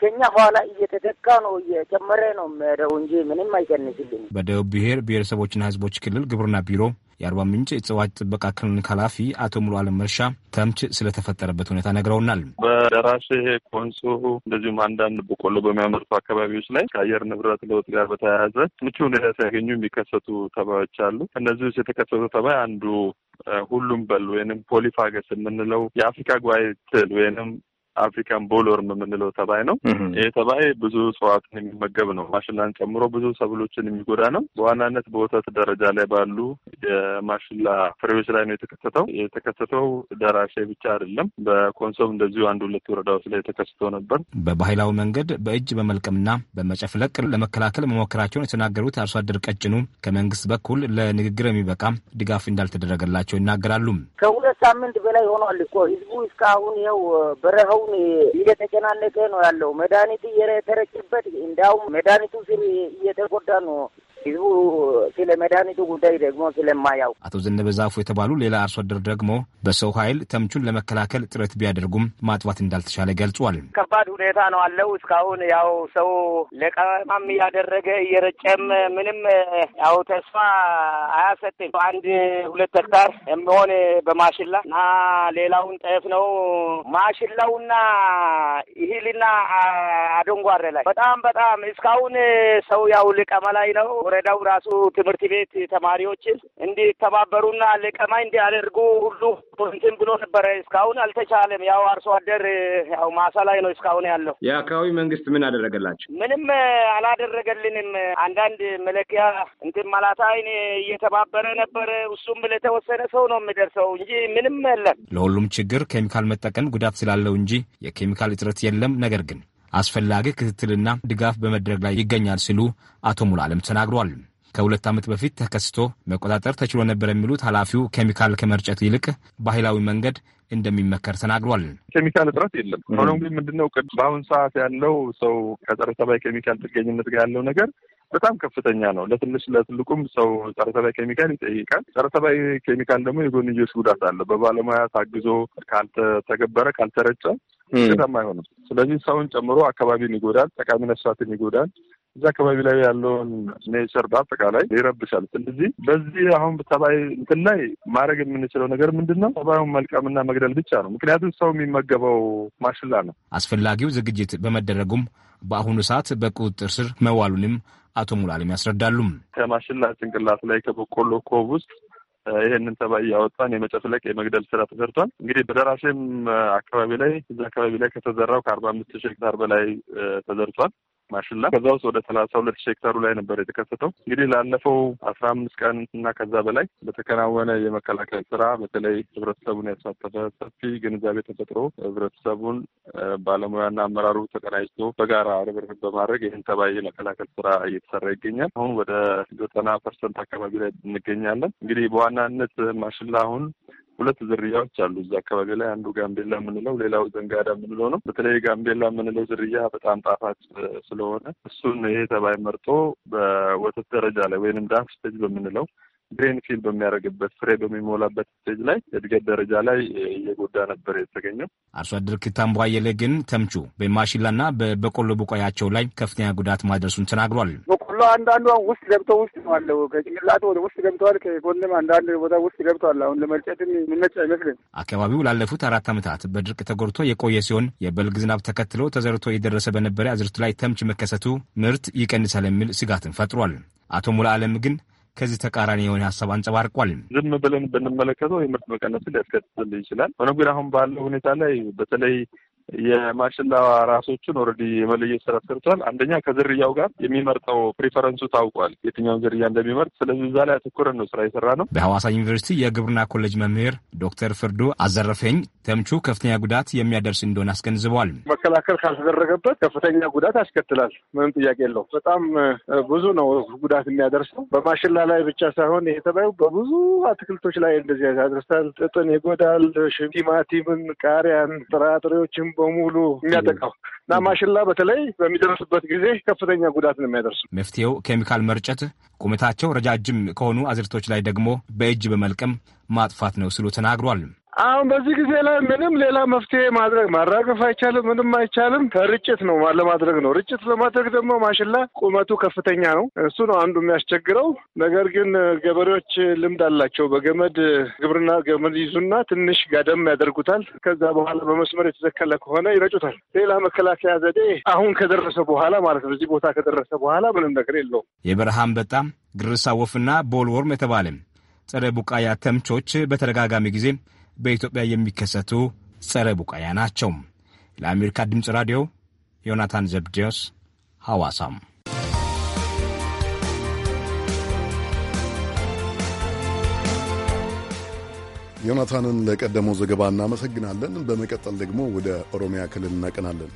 ከኛ ኋላ እየተተካ ነው፣ እየጨመረ ነው የምሄደው እንጂ ምንም አይቀንስልን። በደቡብ ብሔር ብሔረሰቦችና ሕዝቦች ክልል ግብርና ቢሮ የአርባ ምንጭ እጽዋት ጥበቃ ክሊኒክ ኃላፊ አቶ ሙሉ አለም መርሻ ተምች ስለተፈጠረበት ሁኔታ ነግረውናል። በደራሼ ኮንሶ፣ እንደዚሁም አንዳንድ በቆሎ በሚያመርቱ አካባቢዎች ላይ ከአየር ንብረት ለውጥ ጋር በተያያዘ ምቹ ሁኔታ ሲያገኙ የሚከሰቱ ተባዮች አሉ። እነዚህ ውስጥ የተከሰቱ ተባይ አንዱ ሁሉም በል ወይንም ፖሊፋገስ የምንለው የአፍሪካ ትል ወይንም አፍሪካን ቦሎር የምንለው ተባይ ነው። ይህ ተባይ ብዙ እጽዋትን የሚመገብ ነው። ማሽላን ጨምሮ ብዙ ሰብሎችን የሚጎዳ ነው። በዋናነት በወተት ደረጃ ላይ ባሉ የማሽላ ፍሬዎች ላይ ነው የተከሰተው። የተከሰተው ደራሼ ብቻ አይደለም። በኮንሶም እንደዚሁ አንድ ሁለት ወረዳዎች ላይ ተከስቶ ነበር። በባህላዊ መንገድ በእጅ በመልቀምና በመጨፍለቅ ለመከላከል መሞከራቸውን የተናገሩት አርሶ አደር ቀጭኑ ከመንግስት በኩል ለንግግር የሚበቃ ድጋፍ እንዳልተደረገላቸው ይናገራሉ። ከሁለት ሳምንት በላይ ሆኗል እኮ ህዝቡ እስካሁን ይኸው በረሃውን እየተጨናነቀ ነው ያለው። መድኃኒት እየተረጭበት እንዲያውም መድኃኒቱ ስር እየተጎዳ ነው ህዝቡ ስለ መድኃኒቱ ጉዳይ ደግሞ ስለማያው። አቶ ዘነበ ዛፉ የተባሉ ሌላ አርሶ አደር ደግሞ በሰው ኃይል ተምቹን ለመከላከል ጥረት ቢያደርጉም ማጥፋት እንዳልተቻለ ገልጿል። ከባድ ሁኔታ ነው አለው። እስካሁን ያው ሰው ለቀማም እያደረገ እየረጨም ምንም ያው ተስፋ አያሰጥም። አንድ ሁለት ሄክታር የሚሆን በማሽላ እና ሌላውን ጠፍ ነው። ማሽላውና እህልና አደንጓሬ ላይ በጣም በጣም እስካሁን ሰው ያው ልቀማ ላይ ነው ወረዳው ራሱ ትምህርት ቤት ተማሪዎችን እንዲተባበሩና ለቀማኝ እንዲያደርጉ ሁሉ እንትን ብሎ ነበረ። እስካሁን አልተቻለም። ያው አርሶ አደር ያው ማሳ ላይ ነው እስካሁን ያለው። የአካባቢ መንግስት ምን አደረገላቸው? ምንም አላደረገልንም። አንዳንድ መለኪያ እንትን ማላታይን እየተባበረ ነበረ። እሱም ለተወሰነ ሰው ነው የምደርሰው እንጂ ምንም የለም። ለሁሉም ችግር ኬሚካል መጠቀም ጉዳት ስላለው እንጂ የኬሚካል እጥረት የለም። ነገር ግን አስፈላጊ ክትትልና ድጋፍ በመድረግ ላይ ይገኛል ሲሉ አቶ ሙላለም ተናግሯል። ከሁለት ዓመት በፊት ተከስቶ መቆጣጠር ተችሎ ነበር የሚሉት ኃላፊው ኬሚካል ከመርጨት ይልቅ ባህላዊ መንገድ እንደሚመከር ተናግሯል። ኬሚካል እጥረት የለም። ሆኖም ግን ምንድነው በአሁን ሰዓት ያለው ሰው ከጸረ ተባይ ኬሚካል ጥገኝነት ጋር ያለው ነገር በጣም ከፍተኛ ነው። ለትንሽ ለትልቁም ሰው ጸረ ተባይ ኬሚካል ይጠይቃል። ጸረ ተባይ ኬሚካል ደግሞ የጎንዮሽ ጉዳት አለ። በባለሙያ ታግዞ ካልተተገበረ፣ ካልተረጨ ውጤታማ አይሆንም። ስለዚህ ሰውን ጨምሮ አካባቢን ይጎዳል፣ ጠቃሚ ነፍሳትን ይጎዳል። እዚ አካባቢ ላይ ያለውን ኔቸር በአጠቃላይ ይረብሻል። ስለዚህ በዚህ አሁን ተባይ እንትን ላይ ማድረግ የምንችለው ነገር ምንድን ነው? ተባዩን መልቀምና መግደል ብቻ ነው። ምክንያቱም ሰው የሚመገበው ማሽላ ነው። አስፈላጊው ዝግጅት በመደረጉም በአሁኑ ሰዓት በቁጥጥር ስር መዋሉንም አቶ ሙላለም ያስረዳሉ። ከማሽላ ጭንቅላት ላይ ከበቆሎ ኮብ ውስጥ ይህንን ተባይ እያወጣን የመጨፍለቅ የመግደል ስራ ተሰርቷል። እንግዲህ በደራሼም አካባቢ ላይ እዚ አካባቢ ላይ ከተዘራው ከአርባ አምስት ሺህ ሄክታር በላይ ተዘርቷል። ማሽላ ከዛ ውስጥ ወደ ሰላሳ ሁለት ሺህ ሄክታሩ ላይ ነበር የተከሰተው። እንግዲህ ላለፈው አስራ አምስት ቀን እና ከዛ በላይ በተከናወነ የመከላከል ስራ በተለይ ህብረተሰቡን ያሳተፈ ሰፊ ግንዛቤ ተፈጥሮ ህብረተሰቡን ባለሙያና አመራሩ ተቀናጅቶ በጋራ ርብርብ በማድረግ ይህን ተባይ የመከላከል ስራ እየተሰራ ይገኛል። አሁን ወደ ዘጠና ፐርሰንት አካባቢ ላይ እንገኛለን። እንግዲህ በዋናነት ማሽላ አሁን ሁለት ዝርያዎች አሉ እዛ አካባቢ ላይ አንዱ ጋምቤላ የምንለው ሌላው ዘንጋዳ የምንለው ነው። በተለይ ጋምቤላ የምንለው ዝርያ በጣም ጣፋጭ ስለሆነ እሱን ይሄ ተባይ መርጦ በወተት ደረጃ ላይ ወይንም ዳንክ ስቴጅ በምንለው ግሬን ፊል በሚያደርግበት ፍሬ በሚሞላበት ስቴጅ ላይ እድገት ደረጃ ላይ እየጎዳ ነበር የተገኘው። አርሶ አደር ክታም አየለ ግን ተምቹ በማሽላና በበቆሎ ቡቃያቸው ላይ ከፍተኛ ጉዳት ማድረሱን ተናግሯል። በቆሎ አንዳንዱ ውስጥ ገብቶ ውስጥ ነው አለው ከጭንቅላቱ ወደ ውስጥ ገብተዋል። ከጎንም አንዳንድ ቦታ ውስጥ ገብተዋል። አሁን ለመልጨትም የሚመች አይመስልም። አካባቢው ላለፉት አራት ዓመታት በድርቅ ተጎድቶ የቆየ ሲሆን የበልግ ዝናብ ተከትሎ ተዘርቶ የደረሰ በነበረ አዝርት ላይ ተምች መከሰቱ ምርት ይቀንሳል የሚል ስጋትን ፈጥሯል። አቶ ሙላ አለም ግን ከዚህ ተቃራኒ የሆነ ሀሳብ አንጸባርቋል። ዝም ብለን ብንመለከተው የምርት መቀነስ ሊያስከትል ይችላል። ሆኖም ግን አሁን ባለው ሁኔታ ላይ በተለይ የማሽላ ራሶቹን ኦልሬዲ የመለየት ስራ ተሰርቷል። አንደኛ ከዝርያው ጋር የሚመርጠው ፕሪፈረንሱ ታውቋል፣ የትኛውን ዝርያ እንደሚመርጥ። ስለዚህ እዛ ላይ አተኩረን ነው ስራ የሰራ ነው። በሐዋሳ ዩኒቨርሲቲ የግብርና ኮሌጅ መምህር ዶክተር ፍርዱ አዘረፈኝ ተምቹ ከፍተኛ ጉዳት የሚያደርስ እንደሆነ አስገንዝበዋል። መከላከል ካልተደረገበት ከፍተኛ ጉዳት ያስከትላል። ምንም ጥያቄ የለው። በጣም ብዙ ነው ጉዳት የሚያደርሰው በማሽላ ላይ ብቻ ሳይሆን ይሄ ተባዩ በብዙ አትክልቶች ላይ እንደዚህ ያደርሳል። ጥጥን ይጎዳል። ቲማቲምን፣ ቃሪያን፣ ጥራጥሬዎችን በሙሉ የሚያጠቃው እና ማሽላ በተለይ በሚደርስበት ጊዜ ከፍተኛ ጉዳት ነው የሚያደርሱ። መፍትሄው ኬሚካል መርጨት፣ ቁመታቸው ረጃጅም ከሆኑ አዝርቶች ላይ ደግሞ በእጅ በመልቀም ማጥፋት ነው ስሉ ተናግሯል። አሁን በዚህ ጊዜ ላይ ምንም ሌላ መፍትሄ ማድረግ ማራገፍ አይቻልም። ምንም አይቻልም። ርጭት ነው ለማድረግ ነው። ርጭት ለማድረግ ደግሞ ማሽላ ቁመቱ ከፍተኛ ነው። እሱ ነው አንዱ የሚያስቸግረው ነገር። ግን ገበሬዎች ልምድ አላቸው። በገመድ ግብርና ገመድ ይዙና ትንሽ ጋደም ያደርጉታል። ከዛ በኋላ በመስመር የተተከለ ከሆነ ይረጩታል። ሌላ መከላከያ ዘዴ አሁን ከደረሰ በኋላ ማለት ነው። እዚህ ቦታ ከደረሰ በኋላ ምንም ነገር የለውም። የበረሃ አንበጣ፣ ግርሳ ወፍና ቦልወርም የተባለ ጸረ ቡቃያ ተምቾች በተደጋጋሚ ጊዜ በኢትዮጵያ የሚከሰቱ ጸረ ቡቃያ ናቸው። ለአሜሪካ ድምፅ ራዲዮ ዮናታን ዘብዲዮስ ሐዋሳም። ዮናታንን ለቀደመው ዘገባ እናመሰግናለን። በመቀጠል ደግሞ ወደ ኦሮሚያ ክልል እናቀናለን።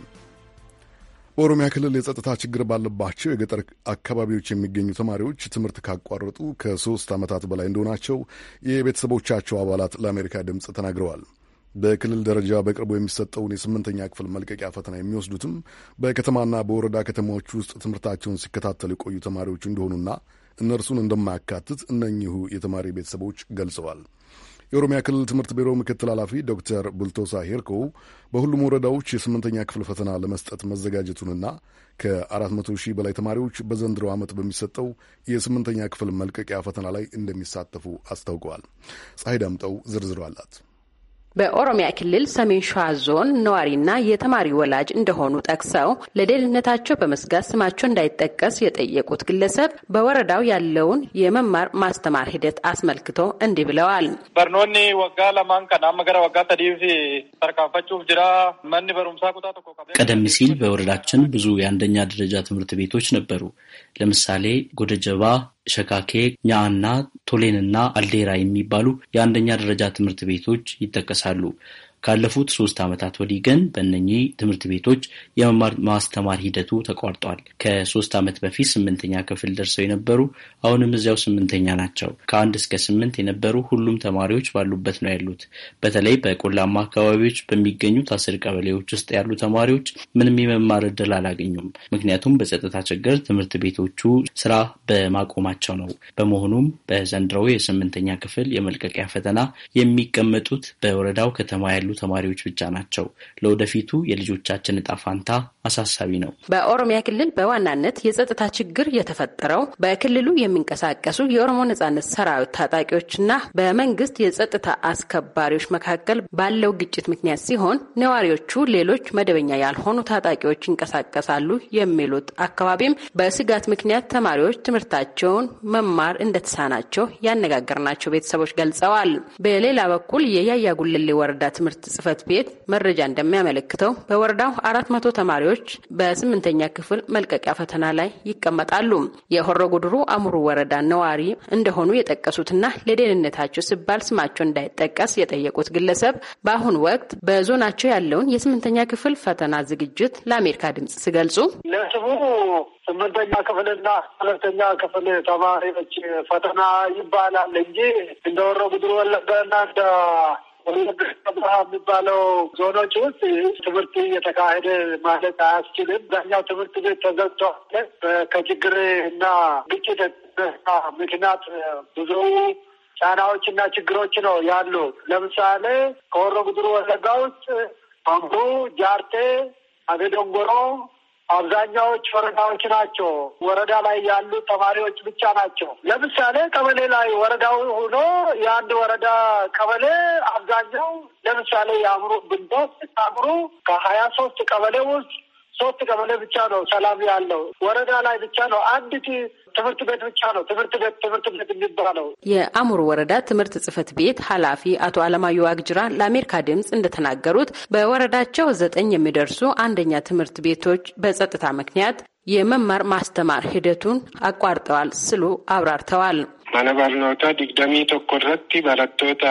በኦሮሚያ ክልል የጸጥታ ችግር ባለባቸው የገጠር አካባቢዎች የሚገኙ ተማሪዎች ትምህርት ካቋረጡ ከሶስት ዓመታት በላይ እንደሆናቸው የቤተሰቦቻቸው አባላት ለአሜሪካ ድምፅ ተናግረዋል። በክልል ደረጃ በቅርቡ የሚሰጠውን የስምንተኛ ክፍል መልቀቂያ ፈተና የሚወስዱትም በከተማና በወረዳ ከተማዎች ውስጥ ትምህርታቸውን ሲከታተሉ የቆዩ ተማሪዎች እንደሆኑና እነርሱን እንደማያካትት እነኚሁ የተማሪ ቤተሰቦች ገልጸዋል። የኦሮሚያ ክልል ትምህርት ቢሮ ምክትል ኃላፊ ዶክተር ቡልቶሳ ሄርኮ በሁሉም ወረዳዎች የስምንተኛ ክፍል ፈተና ለመስጠት መዘጋጀቱንና ከ400 ሺህ በላይ ተማሪዎች በዘንድሮ ዓመት በሚሰጠው የስምንተኛ ክፍል መልቀቂያ ፈተና ላይ እንደሚሳተፉ አስታውቀዋል። ፀሐይ ዳምጠው ዝርዝሯ አላት። በኦሮሚያ ክልል ሰሜን ሸዋ ዞን ነዋሪና የተማሪ ወላጅ እንደሆኑ ጠቅሰው ለደህንነታቸው በመስጋት ስማቸው እንዳይጠቀስ የጠየቁት ግለሰብ በወረዳው ያለውን የመማር ማስተማር ሂደት አስመልክቶ እንዲህ ብለዋል። በርኖኒ ወጋ ለማን ከናመ ገረ ወጋ ተዲፍ ተርካፈች ጅራ መኒ በሩምሳ ቁጣ ቀደም ሲል በወረዳችን ብዙ የአንደኛ ደረጃ ትምህርት ቤቶች ነበሩ። ለምሳሌ ጎደጀባ ሸካኬ፣ ኛአና፣ ቶሌንና አልዴራ የሚባሉ የአንደኛ ደረጃ ትምህርት ቤቶች ይጠቀሳሉ። ካለፉት ሶስት ዓመታት ወዲህ ግን በእነኚህ ትምህርት ቤቶች የመማር ማስተማር ሂደቱ ተቋርጧል። ከሶስት ዓመት በፊት ስምንተኛ ክፍል ደርሰው የነበሩ አሁንም እዚያው ስምንተኛ ናቸው። ከአንድ እስከ ስምንት የነበሩ ሁሉም ተማሪዎች ባሉበት ነው ያሉት። በተለይ በቆላማ አካባቢዎች በሚገኙት አስር ቀበሌዎች ውስጥ ያሉ ተማሪዎች ምንም የመማር እድል አላገኙም። ምክንያቱም በጸጥታ ችግር ትምህርት ቤቶቹ ስራ በማቆማቸው ነው። በመሆኑም በዘንድሮው የስምንተኛ ክፍል የመልቀቂያ ፈተና የሚቀመጡት በወረዳው ከተማ ያሉ ተማሪዎች ብቻ ናቸው። ለወደፊቱ የልጆቻችን እጣ ፋንታ አሳሳቢ ነው። በኦሮሚያ ክልል በዋናነት የጸጥታ ችግር የተፈጠረው በክልሉ የሚንቀሳቀሱ የኦሮሞ ነጻነት ሰራዊት ታጣቂዎችና በመንግስት የጸጥታ አስከባሪዎች መካከል ባለው ግጭት ምክንያት ሲሆን ነዋሪዎቹ ሌሎች መደበኛ ያልሆኑ ታጣቂዎች ይንቀሳቀሳሉ የሚሉት አካባቢም በስጋት ምክንያት ተማሪዎች ትምህርታቸውን መማር እንደተሳናቸው ያነጋገርናቸው ቤተሰቦች ገልጸዋል። በሌላ በኩል የያያ ጉልሌ ወረዳ ትምህርት ትምህርት ጽህፈት ቤት መረጃ እንደሚያመለክተው በወረዳው አራት መቶ ተማሪዎች በስምንተኛ ክፍል መልቀቂያ ፈተና ላይ ይቀመጣሉ። የሆሮ ጉድሩ አሙሩ ወረዳ ነዋሪ እንደሆኑ የጠቀሱትና ለደህንነታቸው ሲባል ስማቸው እንዳይጠቀስ የጠየቁት ግለሰብ በአሁኑ ወቅት በዞናቸው ያለውን የስምንተኛ ክፍል ፈተና ዝግጅት ለአሜሪካ ድምጽ ሲገልጹ ስምንተኛ ክፍልና ሁለተኛ ክፍል ተማሪዎች ፈተና ይባላል እንጂ እንደ ወረ ጉድሮ ወለጋና እንደ የሚባለው ዞኖች ውስጥ ትምህርት እየተካሄደ ማለት አያስችልም። ዛኛው ትምህርት ቤት ተዘግቷል። ከችግር እና ግጭት ምክንያት ብዙ ጫናዎች እና ችግሮች ነው ያሉ። ለምሳሌ ከሆሮ ጉድሩ ወለጋ ውስጥ አምቦ፣ ጃርቴ፣ አቤ ዶንጎሮ አብዛኛዎች ወረዳዎች ናቸው። ወረዳ ላይ ያሉ ተማሪዎች ብቻ ናቸው። ለምሳሌ ቀበሌ ላይ ወረዳው ሆኖ የአንድ ወረዳ ቀበሌ አብዛኛው ለምሳሌ የአእምሮ ብንዶስ አእምሮ ከሀያ ሶስት ቀበሌ ውስጥ ሶስት ቀበሌ ብቻ ነው ሰላም ያለው። ወረዳ ላይ ብቻ ነው አንዲት ትምህርት ቤት ብቻ ነው ትምህርት ቤት ትምህርት ቤት የሚባለው። የአሙር ወረዳ ትምህርት ጽህፈት ቤት ኃላፊ አቶ አለማየሁ አግጅራ ለአሜሪካ ድምፅ እንደተናገሩት በወረዳቸው ዘጠኝ የሚደርሱ አንደኛ ትምህርት ቤቶች በጸጥታ ምክንያት የመማር ማስተማር ሂደቱን አቋርጠዋል ስሉ አብራርተዋል። ማነባርኖታ ባረቶታ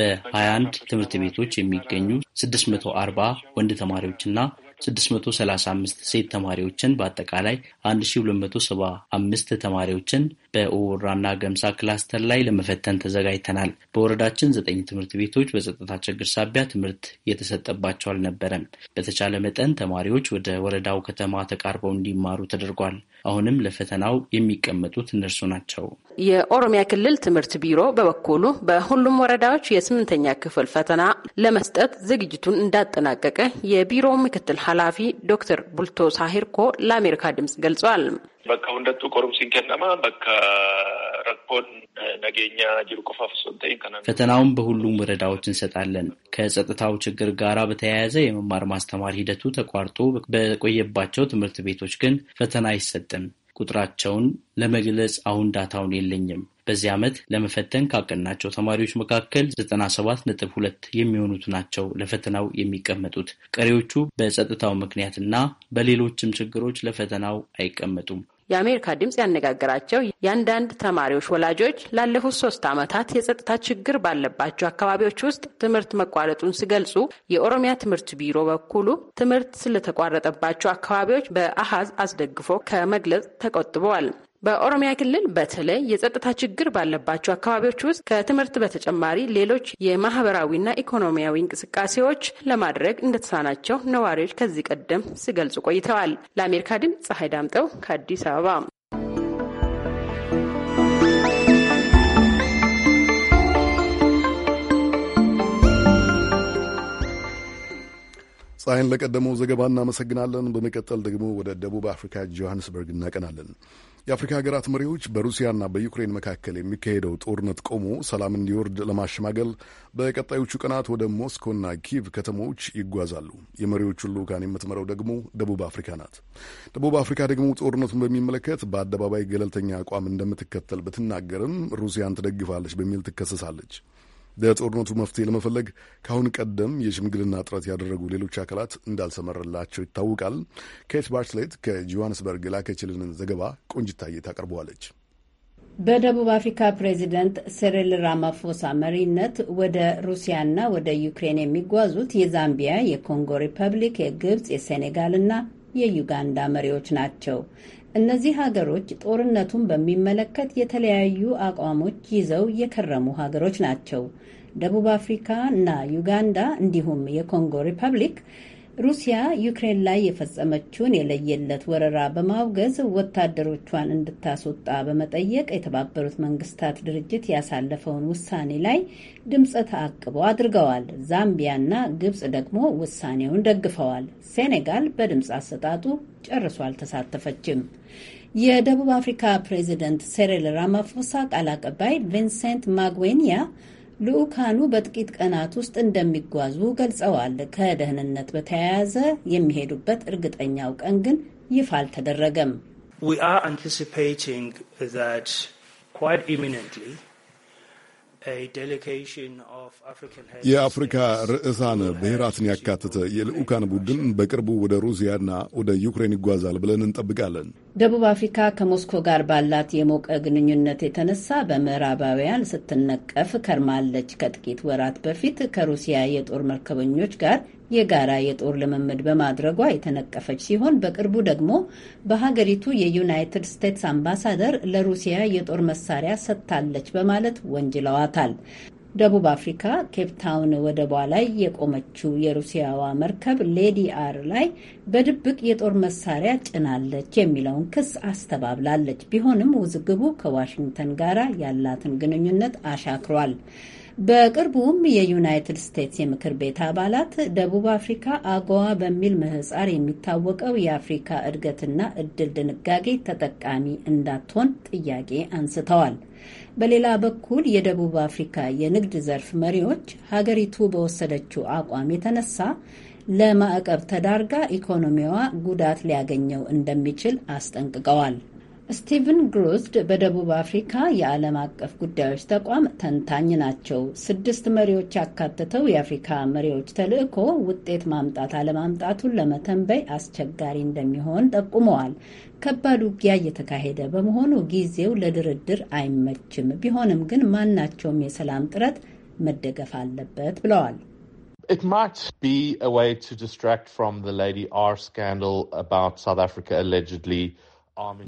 በሀያ አንድ ትምህርት ቤቶች የሚገኙ ስድስት መቶ አርባ ወንድ ተማሪዎችና 635 ሴት ተማሪዎችን በአጠቃላይ 1275 ተማሪዎችን በኦወራና ገምሳ ክላስተር ላይ ለመፈተን ተዘጋጅተናል። በወረዳችን ዘጠኝ ትምህርት ቤቶች በጸጥታ ችግር ሳቢያ ትምህርት የተሰጠባቸው አልነበረም። በተቻለ መጠን ተማሪዎች ወደ ወረዳው ከተማ ተቃርበው እንዲማሩ ተደርጓል። አሁንም ለፈተናው የሚቀመጡት እነርሱ ናቸው። የኦሮሚያ ክልል ትምህርት ቢሮ በበኩሉ በሁሉም ወረዳዎች የስምንተኛ ክፍል ፈተና ለመስጠት ዝግጅቱን እንዳጠናቀቀ የቢሮው ምክትል ኃላፊ ዶክተር ቡልቶ ሳሂርኮ ለአሜሪካ ድምጽ ገልጿል። በቃ ሁንደቱ ቆሩም ከነማ በቃ ረኮን ነገኛ ጅሩ ቆፋፍ ፈተናውን በሁሉም ወረዳዎች እንሰጣለን። ከጸጥታው ችግር ጋር በተያያዘ የመማር ማስተማር ሂደቱ ተቋርጦ በቆየባቸው ትምህርት ቤቶች ግን ፈተና አይሰጥም። ቁጥራቸውን ለመግለጽ አሁን ዳታውን የለኝም። በዚህ ዓመት ለመፈተን ካቀናቸው ተማሪዎች መካከል ዘጠና ነጥብ የሚሆኑት ናቸው ለፈተናው የሚቀመጡት። ቀሪዎቹ በጸጥታው ምክንያትና በሌሎችም ችግሮች ለፈተናው አይቀመጡም። የአሜሪካ ድምፅ ያነጋገራቸው የአንዳንድ ተማሪዎች ወላጆች ላለፉት ሶስት ዓመታት የጸጥታ ችግር ባለባቸው አካባቢዎች ውስጥ ትምህርት መቋረጡን ሲገልጹ የኦሮሚያ ትምህርት ቢሮ በኩሉ ትምህርት ስለተቋረጠባቸው አካባቢዎች በአሃዝ አስደግፎ ከመግለጽ ተቆጥበዋል። በኦሮሚያ ክልል በተለይ የጸጥታ ችግር ባለባቸው አካባቢዎች ውስጥ ከትምህርት በተጨማሪ ሌሎች የማህበራዊና ኢኮኖሚያዊ እንቅስቃሴዎች ለማድረግ እንደተሳናቸው ነዋሪዎች ከዚህ ቀደም ሲገልጹ ቆይተዋል። ለአሜሪካ ድምፅ ፀሐይ ዳምጠው ከአዲስ አበባ። ፀሐይን ለቀደመው ዘገባ እናመሰግናለን። በመቀጠል ደግሞ ወደ ደቡብ አፍሪካ ጆሃንስበርግ እናቀናለን። የአፍሪካ ሀገራት መሪዎች በሩሲያና በዩክሬን መካከል የሚካሄደው ጦርነት ቆሞ ሰላም እንዲወርድ ለማሸማገል በቀጣዮቹ ቀናት ወደ ሞስኮና ኪቭ ከተሞች ይጓዛሉ። የመሪዎቹን ልዑካን የምትመራው ደግሞ ደቡብ አፍሪካ ናት። ደቡብ አፍሪካ ደግሞ ጦርነቱን በሚመለከት በአደባባይ ገለልተኛ አቋም እንደምትከተል ብትናገርም ሩሲያን ትደግፋለች በሚል ትከሰሳለች። ለጦርነቱ መፍትሄ ለመፈለግ ከአሁን ቀደም የሽምግልና ጥረት ያደረጉ ሌሎች አካላት እንዳልሰመረላቸው ይታወቃል። ኬት ባርትሌት ከጆሃንስበርግ የላከችልንን ዘገባ ቆንጅታዬ ታቀርበዋለች። በደቡብ አፍሪካ ፕሬዚደንት ሲሪል ራማፎሳ መሪነት ወደ ሩሲያና ወደ ዩክሬን የሚጓዙት የዛምቢያ፣ የኮንጎ ሪፐብሊክ፣ የግብፅ፣ የሴኔጋል የዩጋንዳ መሪዎች ናቸው። እነዚህ ሀገሮች ጦርነቱን በሚመለከት የተለያዩ አቋሞች ይዘው የከረሙ ሀገሮች ናቸው። ደቡብ አፍሪካ እና ዩጋንዳ እንዲሁም የኮንጎ ሪፐብሊክ ሩሲያ ዩክሬን ላይ የፈጸመችውን የለየለት ወረራ በማውገዝ ወታደሮቿን እንድታስወጣ በመጠየቅ የተባበሩት መንግስታት ድርጅት ያሳለፈውን ውሳኔ ላይ ድምፀ ተአቅቦ አድርገዋል። ዛምቢያና ግብፅ ደግሞ ውሳኔውን ደግፈዋል። ሴኔጋል በድምፅ አሰጣጡ ጨርሶ አልተሳተፈችም። የደቡብ አፍሪካ ፕሬዚደንት ሴሪል ራማፎሳ ቃል አቀባይ ቪንሴንት ማግዌንያ ልዑካኑ በጥቂት ቀናት ውስጥ እንደሚጓዙ ገልጸዋል። ከደህንነት በተያያዘ የሚሄዱበት እርግጠኛው ቀን ግን ይፋ አልተደረገም። የአፍሪካ ርዕሳነ ብሔራትን ያካተተ የልዑካን ቡድን በቅርቡ ወደ ሩሲያና ወደ ዩክሬን ይጓዛል ብለን እንጠብቃለን። ደቡብ አፍሪካ ከሞስኮ ጋር ባላት የሞቀ ግንኙነት የተነሳ በምዕራባውያን ስትነቀፍ ከርማለች። ከጥቂት ወራት በፊት ከሩሲያ የጦር መርከበኞች ጋር የጋራ የጦር ልምምድ በማድረጓ የተነቀፈች ሲሆን በቅርቡ ደግሞ በሀገሪቱ የዩናይትድ ስቴትስ አምባሳደር ለሩሲያ የጦር መሳሪያ ሰጥታለች በማለት ወንጅለዋታል። ደቡብ አፍሪካ ኬፕታውን ወደቧ ላይ የቆመችው የሩሲያዋ መርከብ ሌዲ አር ላይ በድብቅ የጦር መሳሪያ ጭናለች የሚለውን ክስ አስተባብላለች። ቢሆንም ውዝግቡ ከዋሽንግተን ጋር ያላትን ግንኙነት አሻክሯል። በቅርቡም የዩናይትድ ስቴትስ የምክር ቤት አባላት ደቡብ አፍሪካ አጎዋ በሚል ምህጻር የሚታወቀው የአፍሪካ እድገትና እድል ድንጋጌ ተጠቃሚ እንዳትሆን ጥያቄ አንስተዋል። በሌላ በኩል የደቡብ አፍሪካ የንግድ ዘርፍ መሪዎች ሀገሪቱ በወሰደችው አቋም የተነሳ ለማዕቀብ ተዳርጋ ኢኮኖሚዋ ጉዳት ሊያገኘው እንደሚችል አስጠንቅቀዋል። ስቲቨን ግሩዝድ በደቡብ አፍሪካ የዓለም አቀፍ ጉዳዮች ተቋም ተንታኝ ናቸው። ስድስት መሪዎች ያካተተው የአፍሪካ መሪዎች ተልዕኮ ውጤት ማምጣት አለማምጣቱን ለመተንበይ አስቸጋሪ እንደሚሆን ጠቁመዋል። ከባድ ውጊያ እየተካሄደ በመሆኑ ጊዜው ለድርድር አይመችም። ቢሆንም ግን ማናቸውም የሰላም ጥረት መደገፍ አለበት ብለዋል። It might be a way to distract from the Lady R scandal about South Africa allegedly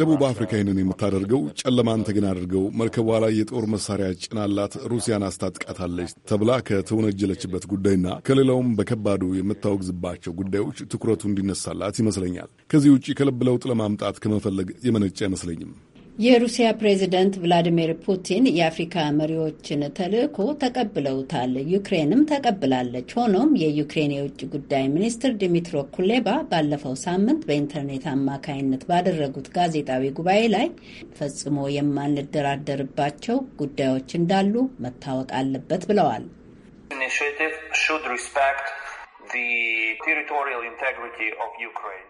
ደቡብ አፍሪካ ይህንን የምታደርገው ጨለማን ተገን አድርገው መርከቧ ላይ የጦር መሳሪያ ጭናላት ሩሲያን አስታጥቃታለች ተብላ ከተወነጀለችበት ጉዳይና ከሌላውም በከባዱ የምታወግዝባቸው ጉዳዮች ትኩረቱ እንዲነሳላት ይመስለኛል። ከዚህ ውጭ ከልብ ለውጥ ለማምጣት ከመፈለግ የመነጨ አይመስለኝም። የሩሲያ ፕሬዚደንት ቭላዲሚር ፑቲን የአፍሪካ መሪዎችን ተልዕኮ ተቀብለውታል። ዩክሬንም ተቀብላለች። ሆኖም የዩክሬን የውጭ ጉዳይ ሚኒስትር ዲሚትሮ ኩሌባ ባለፈው ሳምንት በኢንተርኔት አማካይነት ባደረጉት ጋዜጣዊ ጉባኤ ላይ ፈጽሞ የማንደራደርባቸው ጉዳዮች እንዳሉ መታወቅ አለበት ብለዋል። ኢኒሺዬቲቭ ሹድ ሪስፔክት ቴሪቶሪያል ኢንቴግሪቲ ኦፍ ዩክሬን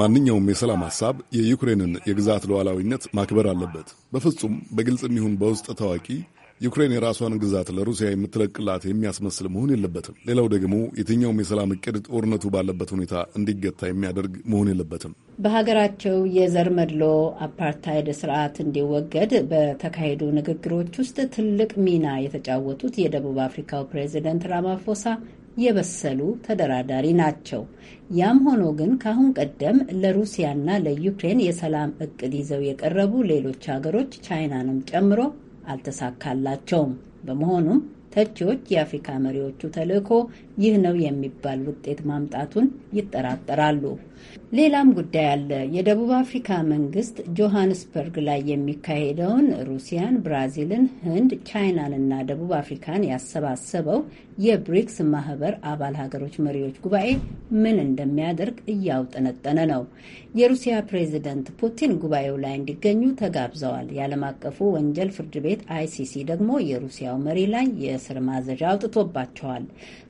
ማንኛውም የሰላም ሀሳብ የዩክሬንን የግዛት ሉዓላዊነት ማክበር አለበት። በፍጹም በግልጽ ይሁን በውስጥ ታዋቂ ዩክሬን የራሷን ግዛት ለሩሲያ የምትለቅላት የሚያስመስል መሆን የለበትም። ሌላው ደግሞ የትኛውም የሰላም እቅድ ጦርነቱ ባለበት ሁኔታ እንዲገታ የሚያደርግ መሆን የለበትም። በሀገራቸው የዘር መድሎ አፓርታይድ ስርዓት እንዲወገድ በተካሄዱ ንግግሮች ውስጥ ትልቅ ሚና የተጫወቱት የደቡብ አፍሪካው ፕሬዚደንት ራማፎሳ የበሰሉ ተደራዳሪ ናቸው። ያም ሆኖ ግን ከአሁን ቀደም ለሩሲያና ለዩክሬን የሰላም እቅድ ይዘው የቀረቡ ሌሎች ሀገሮች ቻይናንም ጨምሮ አልተሳካላቸውም። በመሆኑም ተቺዎች የአፍሪካ መሪዎቹ ተልዕኮ ይህ ነው የሚባል ውጤት ማምጣቱን ይጠራጠራሉ። ሌላም ጉዳይ አለ። የደቡብ አፍሪካ መንግስት ጆሃንስበርግ ላይ የሚካሄደውን ሩሲያን፣ ብራዚልን፣ ህንድ፣ ቻይናን እና ደቡብ አፍሪካን ያሰባሰበው የብሪክስ ማህበር አባል ሀገሮች መሪዎች ጉባኤ ምን እንደሚያደርግ እያውጠነጠነ ነው። የሩሲያ ፕሬዚደንት ፑቲን ጉባኤው ላይ እንዲገኙ ተጋብዘዋል። የዓለም አቀፉ ወንጀል ፍርድ ቤት አይሲሲ ደግሞ የሩሲያው መሪ ላይ የእስር ማዘዣ አውጥቶባቸዋል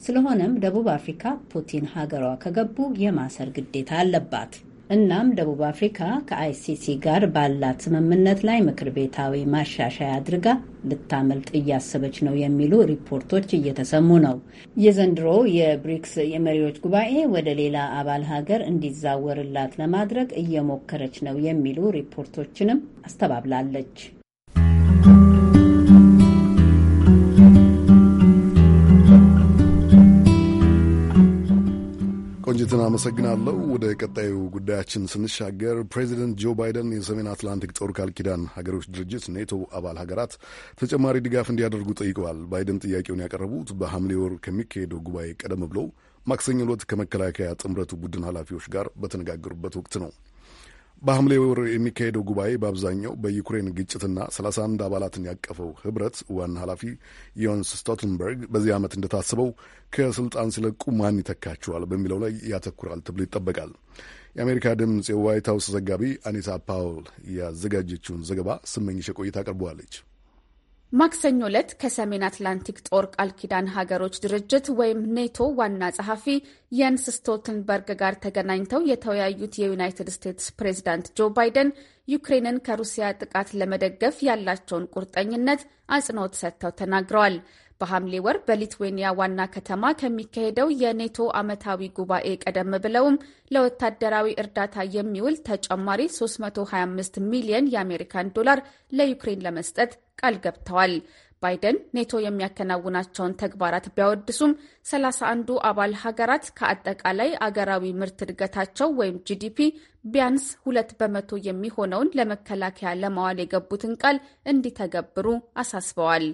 ስለሆነ ስለሆነም ደቡብ አፍሪካ ፑቲን ሀገሯ ከገቡ የማሰር ግዴታ አለባት። እናም ደቡብ አፍሪካ ከአይሲሲ ጋር ባላት ስምምነት ላይ ምክር ቤታዊ ማሻሻያ አድርጋ ልታመልጥ እያሰበች ነው የሚሉ ሪፖርቶች እየተሰሙ ነው። የዘንድሮ የብሪክስ የመሪዎች ጉባኤ ወደ ሌላ አባል ሀገር እንዲዛወርላት ለማድረግ እየሞከረች ነው የሚሉ ሪፖርቶችንም አስተባብላለች። ቆንጅትን አመሰግናለሁ። ወደ ቀጣዩ ጉዳያችን ስንሻገር ፕሬዚደንት ጆ ባይደን የሰሜን አትላንቲክ ጦር ቃል ኪዳን ሀገሮች ድርጅት ኔቶ አባል ሀገራት ተጨማሪ ድጋፍ እንዲያደርጉ ጠይቀዋል። ባይደን ጥያቄውን ያቀረቡት በሐምሌ ወር ከሚካሄደው ጉባኤ ቀደም ብለው ማክሰኞ ዕለት ከመከላከያ ጥምረቱ ቡድን ኃላፊዎች ጋር በተነጋገሩበት ወቅት ነው። በሐምሌ ወር የሚካሄደው ጉባኤ በአብዛኛው በዩክሬን ግጭትና 31 አባላትን ያቀፈው ህብረት ዋና ኃላፊ ዮንስ ስቶልተንበርግ በዚህ ዓመት እንደታሰበው ከስልጣን ሲለቁ ማን ይተካቸዋል በሚለው ላይ ያተኩራል ተብሎ ይጠበቃል። የአሜሪካ ድምፅ የዋይት ሀውስ ዘጋቢ አኒታ ፓውል ያዘጋጀችውን ዘገባ ስመኝሽ ቆይታ አቅርበዋለች። ማክሰኞ ዕለት ከሰሜን አትላንቲክ ጦር ቃል ኪዳን ሀገሮች ድርጅት ወይም ኔቶ ዋና ጸሐፊ የንስ ስቶልተንበርግ ጋር ተገናኝተው የተወያዩት የዩናይትድ ስቴትስ ፕሬዝዳንት ጆ ባይደን ዩክሬንን ከሩሲያ ጥቃት ለመደገፍ ያላቸውን ቁርጠኝነት አጽንኦት ሰጥተው ተናግረዋል። በሐምሌ ወር በሊትዌኒያ ዋና ከተማ ከሚካሄደው የኔቶ ዓመታዊ ጉባኤ ቀደም ብለውም ለወታደራዊ እርዳታ የሚውል ተጨማሪ 325 ሚሊዮን የአሜሪካን ዶላር ለዩክሬን ለመስጠት ቃል ገብተዋል። ባይደን ኔቶ የሚያከናውናቸውን ተግባራት ቢያወድሱም ሰላሳ 1ንዱ አባል ሀገራት ከአጠቃላይ አገራዊ ምርት እድገታቸው ወይም ጂዲፒ ቢያንስ ሁለት በመቶ የሚሆነውን ለመከላከያ ለማዋል የገቡትን ቃል እንዲተገብሩ አሳስበዋል።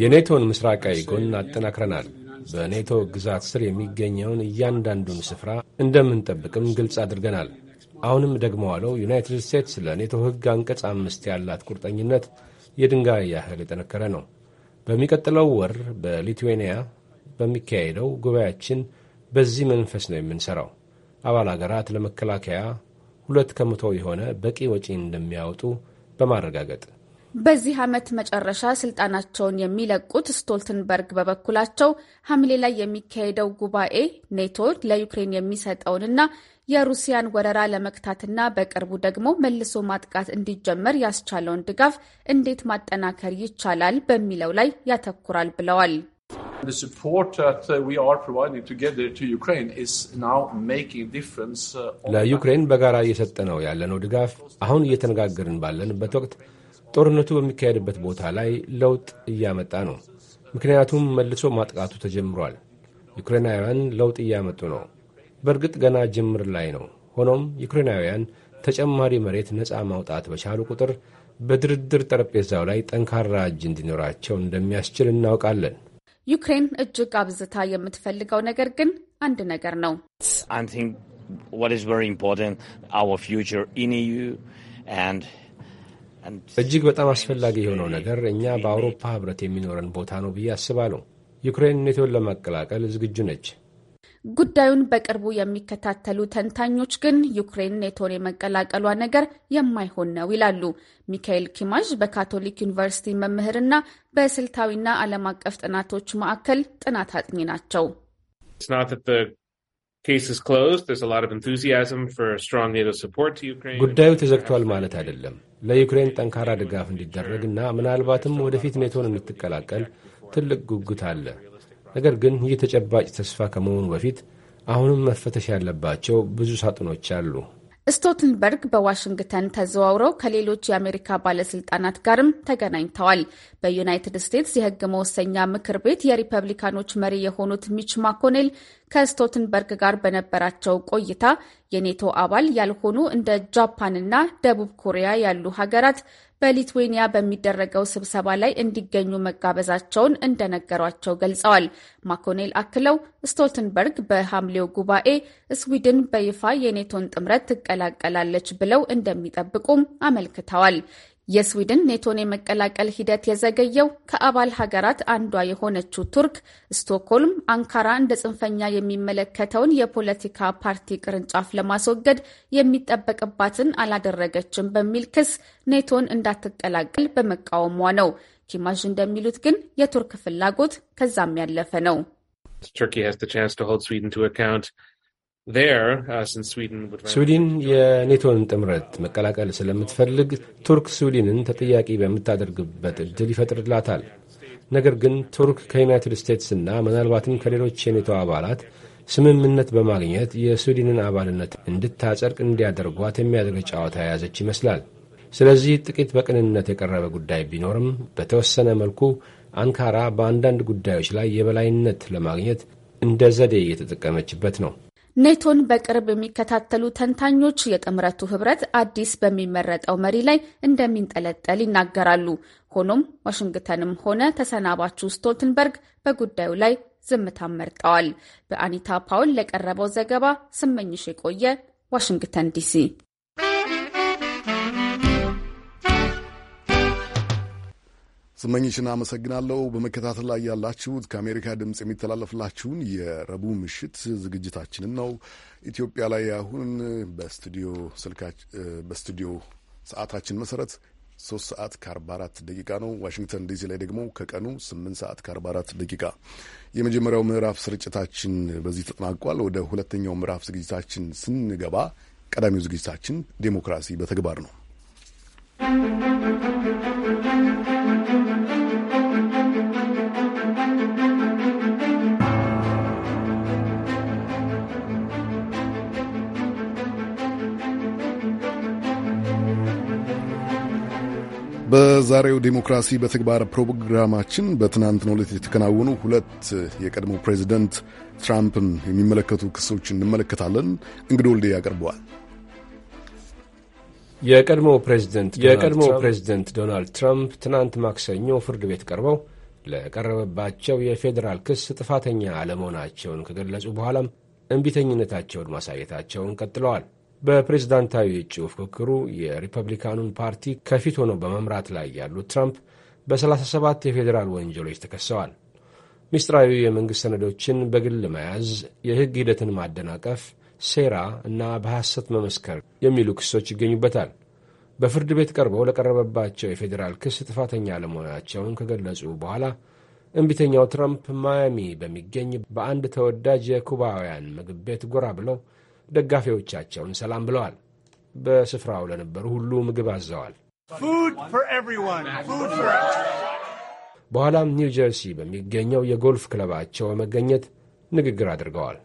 የኔቶን ምስራቃዊ ጎን አጠናክረናል። በኔቶ ግዛት ስር የሚገኘውን እያንዳንዱን ስፍራ እንደምንጠብቅም ግልጽ አድርገናል። አሁንም ደግሞ ዋለው ዩናይትድ ስቴትስ ለኔቶ ሕግ አንቀጽ አምስት ያላት ቁርጠኝነት የድንጋይ ያህል የጠነከረ ነው። በሚቀጥለው ወር በሊትዌኒያ በሚካሄደው ጉባኤያችን በዚህ መንፈስ ነው የምንሠራው። አባል አገራት ለመከላከያ ሁለት ከመቶ የሆነ በቂ ወጪ እንደሚያወጡ በማረጋገጥ በዚህ ዓመት መጨረሻ ስልጣናቸውን የሚለቁት ስቶልትንበርግ በበኩላቸው ሐምሌ ላይ የሚካሄደው ጉባኤ ኔቶ ለዩክሬን የሚሰጠውንና የሩሲያን ወረራ ለመክታትና በቅርቡ ደግሞ መልሶ ማጥቃት እንዲጀመር ያስቻለውን ድጋፍ እንዴት ማጠናከር ይቻላል በሚለው ላይ ያተኩራል ብለዋል። The support that uh, we are providing together to Ukraine is now making difference. Uh, ለዩክሬን በጋራ እየሰጠነው ያለነው ድጋፍ አሁን እየተነጋገርን ባለንበት ወቅት ጦርነቱ በሚካሄድበት ቦታ ላይ ለውጥ እያመጣ ነው። ምክንያቱም መልሶ ማጥቃቱ ተጀምሯል። ዩክሬናውያን ለውጥ እያመጡ ነው። በእርግጥ ገና ጅምር ላይ ነው። ሆኖም ዩክሬናውያን ተጨማሪ መሬት ነፃ ማውጣት በቻሉ ቁጥር በድርድር ጠረጴዛው ላይ ጠንካራ እጅ እንዲኖራቸው እንደሚያስችል እናውቃለን። ዩክሬን እጅግ አብዝታ የምትፈልገው ነገር ግን አንድ ነገር ነው። e እጅግ በጣም አስፈላጊ የሆነው ነገር እኛ በአውሮፓ ህብረት የሚኖረን ቦታ ነው ብዬ አስባለሁ። ዩክሬን ኔቶን ለማቀላቀል ዝግጁ ነች። ጉዳዩን በቅርቡ የሚከታተሉ ተንታኞች ግን ዩክሬን ኔቶን የመቀላቀሏ ነገር የማይሆን ነው ይላሉ። ሚካኤል ኪማዥ በካቶሊክ ዩኒቨርሲቲ መምህርና በስልታዊና ዓለም አቀፍ ጥናቶች ማዕከል ጥናት አጥኚ ናቸው። ጉዳዩ ተዘግቷል ማለት አይደለም። ለዩክሬን ጠንካራ ድጋፍ እንዲደረግ እና ምናልባትም ወደፊት ኔቶን እንድትቀላቀል ትልቅ ጉጉት አለ። ነገር ግን ይህ ተጨባጭ ተስፋ ከመሆኑ በፊት አሁንም መፈተሽ ያለባቸው ብዙ ሳጥኖች አሉ። ስቶልተንበርግ በዋሽንግተን ተዘዋውረው ከሌሎች የአሜሪካ ባለስልጣናት ጋርም ተገናኝተዋል። በዩናይትድ ስቴትስ የሕግ መወሰኛ ምክር ቤት የሪፐብሊካኖች መሪ የሆኑት ሚች ማኮኔል ከስቶልተንበርግ ጋር በነበራቸው ቆይታ የኔቶ አባል ያልሆኑ እንደ ጃፓንና ደቡብ ኮሪያ ያሉ ሀገራት በሊትዌኒያ በሚደረገው ስብሰባ ላይ እንዲገኙ መጋበዛቸውን እንደነገሯቸው ገልጸዋል። ማኮኔል አክለው ስቶልተንበርግ በሐምሌው ጉባኤ ስዊድን በይፋ የኔቶን ጥምረት ትቀላቀላለች ብለው እንደሚጠብቁም አመልክተዋል። የስዊድን ኔቶን የመቀላቀል ሂደት የዘገየው ከአባል ሀገራት አንዷ የሆነችው ቱርክ ስቶክሆልም አንካራ እንደ ጽንፈኛ የሚመለከተውን የፖለቲካ ፓርቲ ቅርንጫፍ ለማስወገድ የሚጠበቅባትን አላደረገችም በሚል ክስ ኔቶን እንዳትቀላቀል በመቃወሟ ነው። ኪማዥ እንደሚሉት ግን የቱርክ ፍላጎት ከዛም ያለፈ ነው። ቱርኪ ስዊድን uh, የኔቶን ጥምረት መቀላቀል ስለምትፈልግ ቱርክ ስዊድንን ተጠያቂ በምታደርግበት እድል ይፈጥርላታል። ነገር ግን ቱርክ ከዩናይትድ ስቴትስና ምናልባትም ከሌሎች የኔቶ አባላት ስምምነት በማግኘት የስዊድንን አባልነት እንድታጸድቅ እንዲያደርጓት የሚያደርግ ጨዋታ የያዘች ይመስላል። ስለዚህ ጥቂት በቅንነት የቀረበ ጉዳይ ቢኖርም በተወሰነ መልኩ አንካራ በአንዳንድ ጉዳዮች ላይ የበላይነት ለማግኘት እንደ ዘዴ እየተጠቀመችበት ነው። ኔቶን በቅርብ የሚከታተሉ ተንታኞች የጥምረቱ ህብረት አዲስ በሚመረጠው መሪ ላይ እንደሚንጠለጠል ይናገራሉ። ሆኖም ዋሽንግተንም ሆነ ተሰናባቹ ስቶልተንበርግ በጉዳዩ ላይ ዝምታን መርጠዋል። በአኒታ ፓውል ለቀረበው ዘገባ ስመኝሽ የቆየ ዋሽንግተን ዲሲ ስመኝሽን አመሰግናለሁ። በመከታተል ላይ ያላችሁት ከአሜሪካ ድምፅ የሚተላለፍላችሁን የረቡዕ ምሽት ዝግጅታችንን ነው። ኢትዮጵያ ላይ አሁን በስቱዲዮ በስቱዲዮ ሰዓታችን መሰረት ሶስት ሰዓት ከአርባ አራት ደቂቃ ነው። ዋሽንግተን ዲሲ ላይ ደግሞ ከቀኑ ስምንት ሰዓት ከአርባ አራት ደቂቃ። የመጀመሪያው ምዕራፍ ስርጭታችን በዚህ ተጠናቋል። ወደ ሁለተኛው ምዕራፍ ዝግጅታችን ስንገባ ቀዳሚው ዝግጅታችን ዴሞክራሲ በተግባር ነው። በዛሬው ዴሞክራሲ በተግባር ፕሮግራማችን በትናንትናው ዕለት የተከናወኑ ሁለት የቀድሞ ፕሬዚደንት ትራምፕን የሚመለከቱ ክሶች እንመለከታለን። እንግዲ ወልዴ ያቀርበዋል። የቀድሞ ፕሬዚደንት ዶናልድ ትራምፕ ትናንት ማክሰኞ ፍርድ ቤት ቀርበው ለቀረበባቸው የፌዴራል ክስ ጥፋተኛ አለመሆናቸውን ከገለጹ በኋላም እምቢተኝነታቸውን ማሳየታቸውን ቀጥለዋል። በፕሬዝዳንታዊ እጩ ፉክክሩ የሪፐብሊካኑን ፓርቲ ከፊት ሆኖ በመምራት ላይ ያሉት ትራምፕ በ37 የፌዴራል ወንጀሎች ተከሰዋል። ሚስጥራዊ የመንግሥት ሰነዶችን በግል መያዝ፣ የሕግ ሂደትን ማደናቀፍ፣ ሴራ እና በሐሰት መመስከር የሚሉ ክሶች ይገኙበታል። በፍርድ ቤት ቀርበው ለቀረበባቸው የፌዴራል ክስ ጥፋተኛ አለመሆናቸውን ከገለጹ በኋላ እምቢተኛው ትራምፕ ማያሚ በሚገኝ በአንድ ተወዳጅ የኩባውያን ምግብ ቤት ጎራ ብለው ደጋፊዎቻቸውን ሰላም ብለዋል። በስፍራው ለነበሩ ሁሉ ምግብ አዘዋል። በኋላም ኒው ጀርሲ በሚገኘው የጎልፍ ክለባቸው በመገኘት ንግግር አድርገዋል።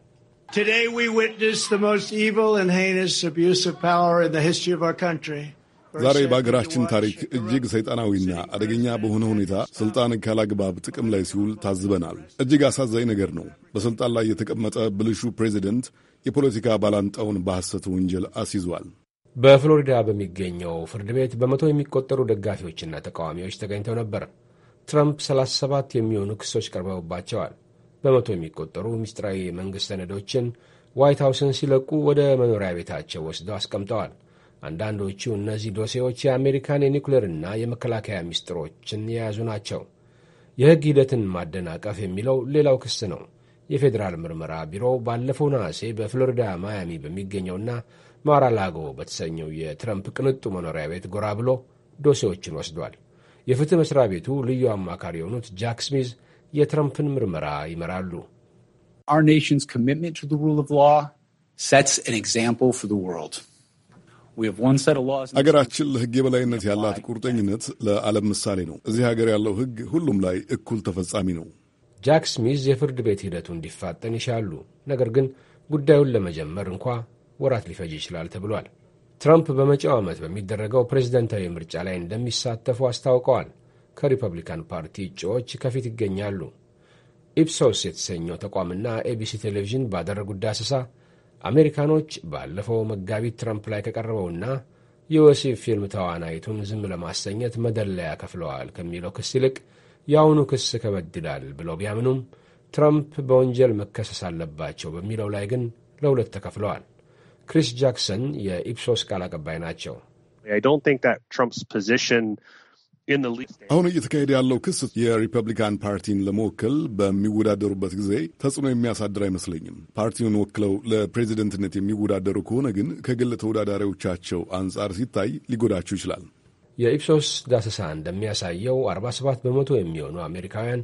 ዛሬ በአገራችን ታሪክ እጅግ ሰይጣናዊና አደገኛ በሆነ ሁኔታ ሥልጣን ካላግባብ ጥቅም ላይ ሲውል ታዝበናል። እጅግ አሳዛኝ ነገር ነው። በሥልጣን ላይ የተቀመጠ ብልሹ ፕሬዚደንት የፖለቲካ ባላንጣውን በሐሰት ወንጀል አስይዟል። በፍሎሪዳ በሚገኘው ፍርድ ቤት በመቶ የሚቆጠሩ ደጋፊዎችና ተቃዋሚዎች ተገኝተው ነበር። ትራምፕ 37 የሚሆኑ ክሶች ቀርበውባቸዋል። በመቶ የሚቆጠሩ ምስጢራዊ የመንግሥት ሰነዶችን ዋይት ሀውስን ሲለቁ ወደ መኖሪያ ቤታቸው ወስደው አስቀምጠዋል። አንዳንዶቹ እነዚህ ዶሴዎች የአሜሪካን የኒውክሌርና የመከላከያ ምስጢሮችን የያዙ ናቸው። የሕግ ሂደትን ማደናቀፍ የሚለው ሌላው ክስ ነው። የፌዴራል ምርመራ ቢሮ ባለፈው ነሐሴ በፍሎሪዳ ማያሚ በሚገኘውና ማራላጎ በተሰኘው የትረምፕ ቅንጡ መኖሪያ ቤት ጎራ ብሎ ዶሴዎችን ወስዷል። የፍትህ መስሪያ ቤቱ ልዩ አማካሪ የሆኑት ጃክ ስሚዝ የትረምፕን ምርመራ ይመራሉ። አገራችን ለሕግ የበላይነት ያላት ቁርጠኝነት ለዓለም ምሳሌ ነው። እዚህ ሀገር ያለው ሕግ ሁሉም ላይ እኩል ተፈጻሚ ነው። ጃክ ስሚዝ የፍርድ ቤት ሂደቱ እንዲፋጠን ይሻሉ። ነገር ግን ጉዳዩን ለመጀመር እንኳ ወራት ሊፈጅ ይችላል ተብሏል። ትራምፕ በመጪው ዓመት በሚደረገው ፕሬዝደንታዊ ምርጫ ላይ እንደሚሳተፉ አስታውቀዋል። ከሪፐብሊካን ፓርቲ እጩዎች ከፊት ይገኛሉ። ኢፕሶስ የተሰኘው ተቋምና ኤቢሲ ቴሌቪዥን ባደረጉት ዳሰሳ አሜሪካኖች ባለፈው መጋቢት ትራምፕ ላይ ከቀረበውና የወሲብ ፊልም ተዋናይቱን ዝም ለማሰኘት መደለያ ከፍለዋል ከሚለው ክስ ይልቅ የአሁኑ ክስ ከበድላል ብለው ቢያምኑም ትራምፕ በወንጀል መከሰስ አለባቸው በሚለው ላይ ግን ለሁለት ተከፍለዋል። ክሪስ ጃክሰን የኢፕሶስ ቃል አቀባይ ናቸው። አሁን እየተካሄደ ያለው ክስ የሪፐብሊካን ፓርቲን ለመወከል በሚወዳደሩበት ጊዜ ተጽዕኖ የሚያሳድር አይመስለኝም። ፓርቲውን ወክለው ለፕሬዚደንትነት የሚወዳደሩ ከሆነ ግን ከግል ተወዳዳሪዎቻቸው አንጻር ሲታይ ሊጎዳቸው ይችላል። የኢፕሶስ ዳሰሳ እንደሚያሳየው 47 በመቶ የሚሆኑ አሜሪካውያን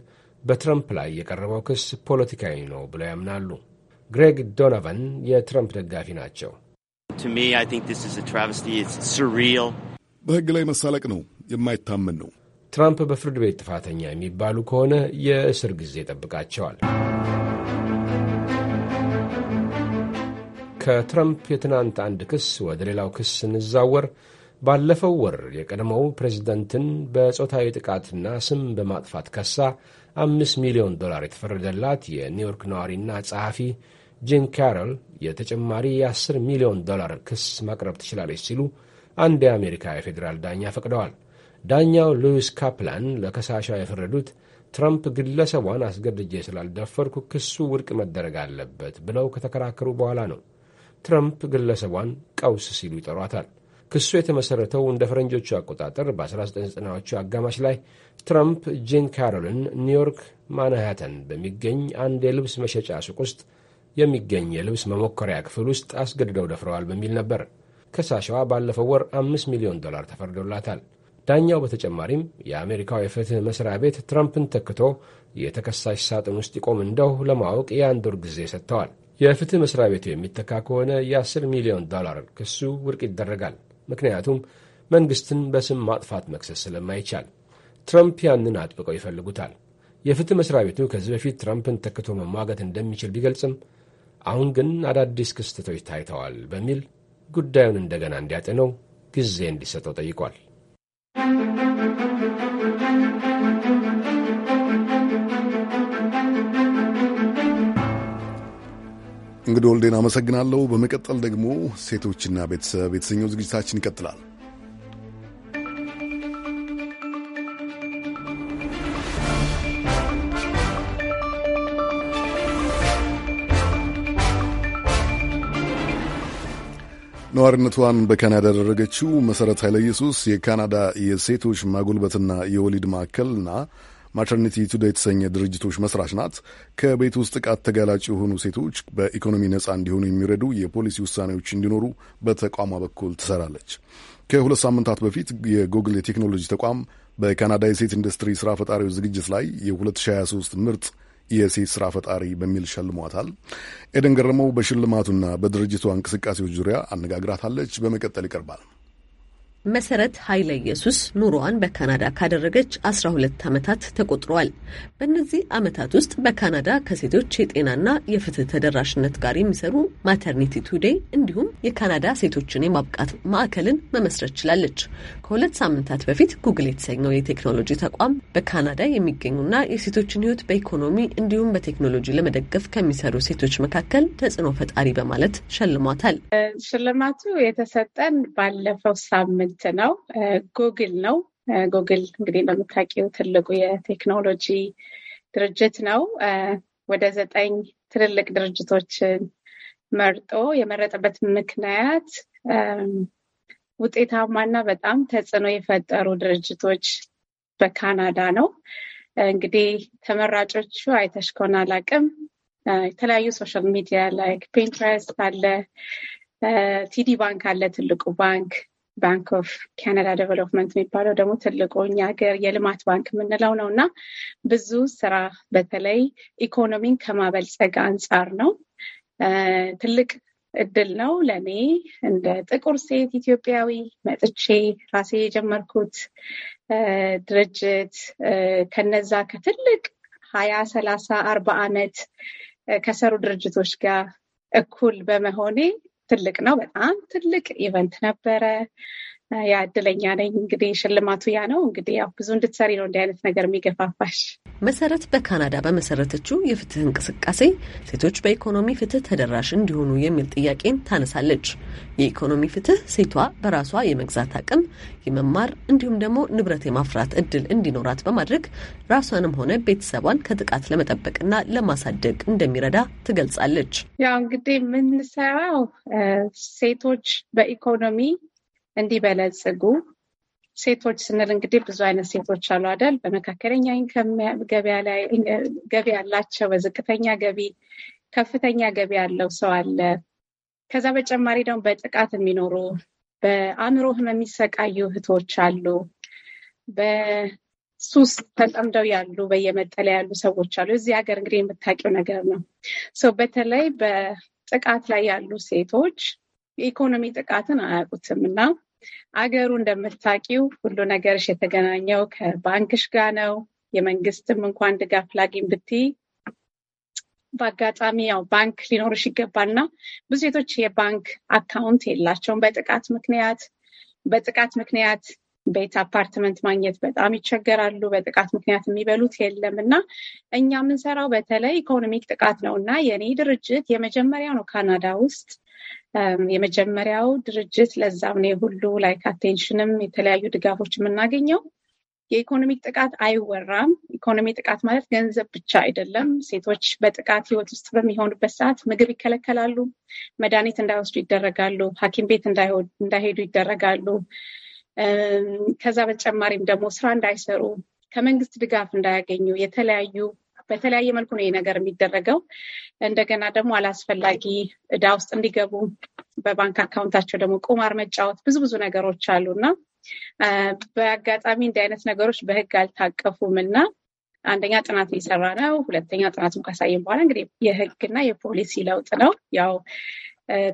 በትረምፕ ላይ የቀረበው ክስ ፖለቲካዊ ነው ብለው ያምናሉ። ግሬግ ዶናቫን የትረምፕ ደጋፊ ናቸው። በሕግ ላይ መሳለቅ ነው፣ የማይታመን ነው። ትራምፕ በፍርድ ቤት ጥፋተኛ የሚባሉ ከሆነ የእስር ጊዜ ጠብቃቸዋል። ከትረምፕ የትናንት አንድ ክስ ወደ ሌላው ክስ ስንዛወር ባለፈው ወር የቀድሞው ፕሬዚደንትን በጾታዊ ጥቃትና ስም በማጥፋት ከሳ አምስት ሚሊዮን ዶላር የተፈረደላት የኒውዮርክ ነዋሪና ጸሐፊ ጂን ካረል የተጨማሪ የአስር ሚሊዮን ዶላር ክስ ማቅረብ ትችላለች ሲሉ አንድ የአሜሪካ የፌዴራል ዳኛ ፈቅደዋል። ዳኛው ሉዊስ ካፕላን ለከሳሿ የፈረዱት ትራምፕ ግለሰቧን አስገድጄ ስላልደፈርኩ ክሱ ውድቅ መደረግ አለበት ብለው ከተከራከሩ በኋላ ነው። ትራምፕ ግለሰቧን ቀውስ ሲሉ ይጠሯታል። ክሱ የተመሠረተው እንደ ፈረንጆቹ አቆጣጠር በ1990ዎቹ አጋማሽ ላይ ትራምፕ ጂን ካሮልን ኒውዮርክ ማንሃተን በሚገኝ አንድ የልብስ መሸጫ ሱቅ ውስጥ የሚገኝ የልብስ መሞከሪያ ክፍል ውስጥ አስገድደው ደፍረዋል በሚል ነበር። ከሳሽዋ ባለፈው ወር አምስት ሚሊዮን ዶላር ተፈርዶላታል። ዳኛው በተጨማሪም የአሜሪካው የፍትህ መሥሪያ ቤት ትራምፕን ተክቶ የተከሳሽ ሳጥን ውስጥ ይቆም እንደው ለማወቅ የአንድ ወር ጊዜ ሰጥተዋል። የፍትህ መሥሪያ ቤቱ የሚተካ ከሆነ የ10 ሚሊዮን ዶላር ክሱ ውድቅ ይደረጋል። ምክንያቱም መንግስትን በስም ማጥፋት መክሰስ ስለማይቻል። ትረምፕ ያንን አጥብቀው ይፈልጉታል። የፍትህ መስሪያ ቤቱ ከዚህ በፊት ትረምፕን ተክቶ መሟገት እንደሚችል ቢገልጽም አሁን ግን አዳዲስ ክስተቶች ታይተዋል በሚል ጉዳዩን እንደገና እንዲያጤነው ጊዜ እንዲሰጠው ጠይቋል። እንግዲህ ወልዴን አመሰግናለሁ። በመቀጠል ደግሞ ሴቶችና ቤተሰብ የተሰኘው ዝግጅታችን ይቀጥላል። ነዋሪነቷን በካናዳ ያደረገችው መሠረት ኃይለ ኢየሱስ የካናዳ የሴቶች ማጎልበትና የወሊድ ማዕከልና ማተርኒቲ ቱደ የተሰኘ ድርጅቶች መስራች ናት። ከቤት ውስጥ ጥቃት ተጋላጭ የሆኑ ሴቶች በኢኮኖሚ ነጻ እንዲሆኑ የሚረዱ የፖሊሲ ውሳኔዎች እንዲኖሩ በተቋሟ በኩል ትሰራለች። ከሁለት ሳምንታት በፊት የጉግል የቴክኖሎጂ ተቋም በካናዳ የሴት ኢንዱስትሪ ስራ ፈጣሪዎች ዝግጅት ላይ የ2023 ምርጥ የሴት ስራ ፈጣሪ በሚል ሸልሟታል። ኤደን ገረመው በሽልማቱና በድርጅቷ እንቅስቃሴዎች ዙሪያ አነጋግራታለች። በመቀጠል ይቀርባል። መሰረት ኃይለ ኢየሱስ ኑሮዋን በካናዳ ካደረገች 12 ዓመታት ተቆጥሯል። በእነዚህ ዓመታት ውስጥ በካናዳ ከሴቶች የጤናና የፍትህ ተደራሽነት ጋር የሚሰሩ ማተርኒቲ ቱዴይ እንዲሁም የካናዳ ሴቶችን የማብቃት ማዕከልን መመስረት ችላለች። ከሁለት ሳምንታት በፊት ጉግል የተሰኘው የቴክኖሎጂ ተቋም በካናዳ የሚገኙና የሴቶችን ህይወት በኢኮኖሚ እንዲሁም በቴክኖሎጂ ለመደገፍ ከሚሰሩ ሴቶች መካከል ተጽዕኖ ፈጣሪ በማለት ሸልሟታል። ሽልማቱ የተሰጠን ባለፈው ሳምንት ስልት ነው። ጉግል ነው። ጉግል እንግዲህ እንደምታውቂው ትልቁ የቴክኖሎጂ ድርጅት ነው። ወደ ዘጠኝ ትልልቅ ድርጅቶችን መርጦ የመረጠበት ምክንያት ውጤታማና በጣም ተጽዕኖ የፈጠሩ ድርጅቶች በካናዳ ነው። እንግዲህ ተመራጮቹ አይተሽ ከሆነ የተለያዩ ሶሻል ሚዲያ ላይ ፒንትረስት አለ፣ ቲዲ ባንክ አለ፣ ትልቁ ባንክ ባንክ ኦፍ ካናዳ ዴቨሎፕመንት የሚባለው ደግሞ ትልቁ እኛ ሀገር የልማት ባንክ የምንለው ነው እና ብዙ ስራ በተለይ ኢኮኖሚን ከማበልጸግ አንጻር ነው። ትልቅ እድል ነው ለእኔ እንደ ጥቁር ሴት ኢትዮጵያዊ መጥቼ ራሴ የጀመርኩት ድርጅት ከነዛ ከትልቅ ሀያ ሰላሳ አርባ አመት ከሰሩ ድርጅቶች ጋር እኩል በመሆኔ ትልቅ ነው። በጣም ትልቅ ኢቨንት ነበረ። ያ እድለኛ ነኝ። እንግዲህ ሽልማቱ ያ ነው። እንግዲህ ያው ብዙ እንድትሰሪ ነው እንዲህ አይነት ነገር የሚገፋፋሽ። መሰረት በካናዳ በመሰረተችው የፍትህ እንቅስቃሴ ሴቶች በኢኮኖሚ ፍትህ ተደራሽ እንዲሆኑ የሚል ጥያቄን ታነሳለች። የኢኮኖሚ ፍትህ ሴቷ በራሷ የመግዛት አቅም፣ የመማር እንዲሁም ደግሞ ንብረት የማፍራት እድል እንዲኖራት በማድረግ ራሷንም ሆነ ቤተሰቧን ከጥቃት ለመጠበቅና ለማሳደግ እንደሚረዳ ትገልጻለች። ያው እንግዲህ የምንሰራው ሴቶች በኢኮኖሚ እንዲበለጽጉ ሴቶች ስንል እንግዲህ ብዙ አይነት ሴቶች አሉ አይደል? በመካከለኛ ገቢ ያላቸው፣ በዝቅተኛ ገቢ፣ ከፍተኛ ገቢ ያለው ሰው አለ። ከዛ በተጨማሪ ደግሞ በጥቃት የሚኖሩ በአእምሮ ህመም የሚሰቃዩ እህቶች አሉ። በሱስ ተጠምደው ያሉ በየመጠለያ ያሉ ሰዎች አሉ። እዚህ ሀገር እንግዲህ የምታውቂው ነገር ነው። ሰው በተለይ በጥቃት ላይ ያሉ ሴቶች የኢኮኖሚ ጥቃትን አያውቁትም እና አገሩ እንደምታውቂው ሁሉ ነገርሽ የተገናኘው ከባንክሽ ጋር ነው። የመንግስትም እንኳን ድጋፍ ላግኝ ብትይ በአጋጣሚ ያው ባንክ ሊኖርሽ ይገባና ብዙ ሴቶች የባንክ አካውንት የላቸውም። በጥቃት ምክንያት በጥቃት ምክንያት ቤት አፓርትመንት ማግኘት በጣም ይቸገራሉ። በጥቃት ምክንያት የሚበሉት የለም እና እኛ የምንሰራው በተለይ ኢኮኖሚክ ጥቃት ነው እና የኔ ድርጅት የመጀመሪያ ነው ካናዳ ውስጥ የመጀመሪያው ድርጅት ለዛም ነው የሁሉ ላይክ አቴንሽንም የተለያዩ ድጋፎች የምናገኘው። የኢኮኖሚ ጥቃት አይወራም። ኢኮኖሚ ጥቃት ማለት ገንዘብ ብቻ አይደለም። ሴቶች በጥቃት ህይወት ውስጥ በሚሆኑበት ሰዓት ምግብ ይከለከላሉ፣ መድኃኒት እንዳይወስዱ ይደረጋሉ፣ ሐኪም ቤት እንዳይሄዱ ይደረጋሉ። ከዛ በተጨማሪም ደግሞ ስራ እንዳይሰሩ፣ ከመንግስት ድጋፍ እንዳያገኙ፣ የተለያዩ በተለያየ መልኩ ነው ነገር የሚደረገው። እንደገና ደግሞ አላስፈላጊ እዳ ውስጥ እንዲገቡ በባንክ አካውንታቸው ደግሞ ቁማር መጫወት፣ ብዙ ብዙ ነገሮች አሉ እና በአጋጣሚ እንዲህ አይነት ነገሮች በህግ አልታቀፉም እና አንደኛ ጥናት እየሰራ ነው። ሁለተኛ ጥናቱን ካሳየን በኋላ እንግዲህ የህግና የፖሊሲ ለውጥ ነው ያው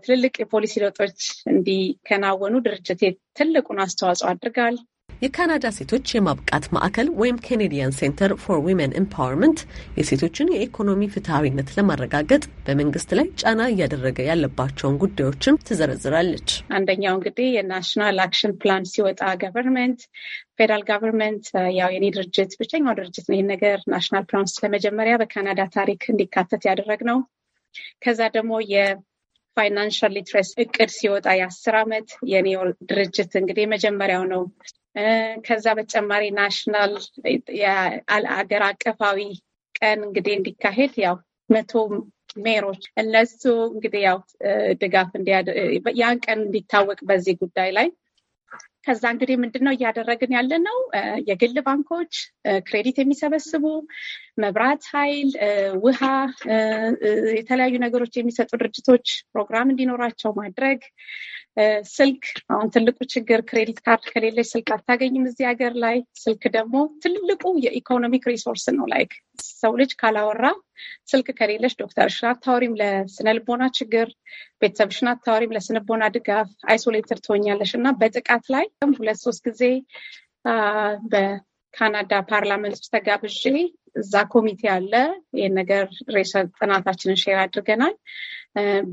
ትልልቅ የፖሊሲ ለውጦች እንዲከናወኑ ድርጅት ትልቁን አስተዋጽኦ አድርጋል። የካናዳ ሴቶች የማብቃት ማዕከል ወይም ኬኔዲያን ሴንተር ፎር ዊሜን ኤምፓወርመንት የሴቶችን የኢኮኖሚ ፍትሐዊነት ለማረጋገጥ በመንግስት ላይ ጫና እያደረገ ያለባቸውን ጉዳዮችም ትዘረዝራለች። አንደኛው እንግዲህ የናሽናል አክሽን ፕላን ሲወጣ ገቨርንመንት ፌደራል ጋቨርንመንት ያው የኔ ድርጅት ብቸኛው ድርጅት ነው ይህን ነገር ናሽናል ፕላን ውስጥ ለመጀመሪያ በካናዳ ታሪክ እንዲካተት ያደረግ ነው። ከዛ ደግሞ የፋይናንሻል ሊትረስ እቅድ ሲወጣ የአስር ዓመት የኔ ድርጅት እንግዲህ የመጀመሪያው ነው። ከዛ በተጨማሪ ናሽናል አገር አቀፋዊ ቀን እንግዲህ እንዲካሄድ ያው መቶ ሜሮች እነሱ እንግዲህ ያው ድጋፍ ያን ቀን እንዲታወቅ በዚህ ጉዳይ ላይ ከዛ እንግዲህ ምንድን ነው እያደረግን ያለ ነው? የግል ባንኮች ክሬዲት የሚሰበስቡ መብራት ኃይል፣ ውሃ፣ የተለያዩ ነገሮች የሚሰጡ ድርጅቶች ፕሮግራም እንዲኖራቸው ማድረግ ስልክ አሁን ትልቁ ችግር ክሬዲት ካርድ ከሌለች ስልክ አታገኝም እዚህ ሀገር ላይ። ስልክ ደግሞ ትልቁ የኢኮኖሚክ ሪሶርስ ነው። ላይክ ሰው ልጅ ካላወራ ስልክ ከሌለች ዶክተርሽን አታወሪም፣ ለስነ ችግር፣ ቤተሰብሽን አታወሪም፣ ለስነልቦና ድጋፍ፣ አይሶሌትድ ትሆኛለሽ እና በጥቃት ላይ ሁለት ሶስት ጊዜ በካናዳ ፓርላመንት ውስጥ ተጋብዤ እዛ ኮሚቴ አለ። ይህን ነገር ጥናታችንን ሼር አድርገናል።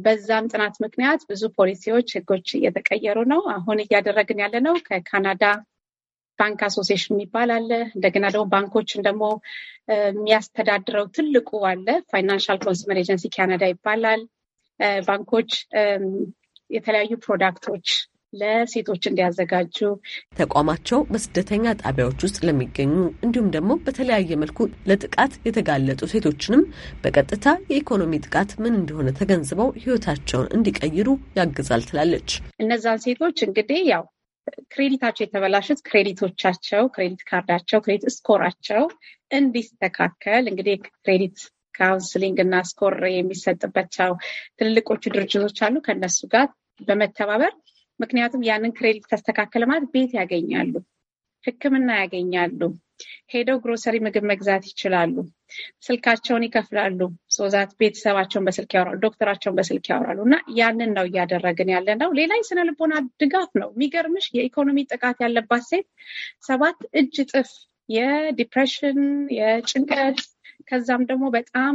በዛም ጥናት ምክንያት ብዙ ፖሊሲዎች፣ ህጎች እየተቀየሩ ነው። አሁን እያደረግን ያለ ነው ከካናዳ ባንክ አሶሲሽን የሚባል አለ። እንደገና ደግሞ ባንኮችን ደግሞ የሚያስተዳድረው ትልቁ አለ ፋይናንሻል ኮንሱመር ኤጀንሲ ካናዳ ይባላል። ባንኮች የተለያዩ ፕሮዳክቶች ለሴቶች እንዲያዘጋጁ ተቋማቸው በስደተኛ ጣቢያዎች ውስጥ ለሚገኙ እንዲሁም ደግሞ በተለያየ መልኩ ለጥቃት የተጋለጡ ሴቶችንም በቀጥታ የኢኮኖሚ ጥቃት ምን እንደሆነ ተገንዝበው ህይወታቸውን እንዲቀይሩ ያግዛል ትላለች። እነዛን ሴቶች እንግዲህ ያው ክሬዲታቸው የተበላሹት ክሬዲቶቻቸው፣ ክሬዲት ካርዳቸው፣ ክሬዲት ስኮራቸው እንዲስተካከል እንግዲህ ክሬዲት ካውንስሊንግ እና ስኮር የሚሰጥበቻው ትልልቆቹ ድርጅቶች አሉ። ከእነሱ ጋር በመተባበር ምክንያቱም ያንን ክሬዲት ተስተካከለ ማለት ቤት ያገኛሉ፣ ህክምና ያገኛሉ፣ ሄደው ግሮሰሪ ምግብ መግዛት ይችላሉ፣ ስልካቸውን ይከፍላሉ፣ ሶዛት ቤተሰባቸውን በስልክ ያወራሉ፣ ዶክተራቸውን በስልክ ያወራሉ። እና ያንን ነው እያደረግን ያለ ነው። ሌላ የስነ ልቦና ድጋፍ ነው። የሚገርምሽ የኢኮኖሚ ጥቃት ያለባት ሴት ሰባት እጅ ጥፍ የዲፕሬሽን የጭንቀት ከዛም ደግሞ በጣም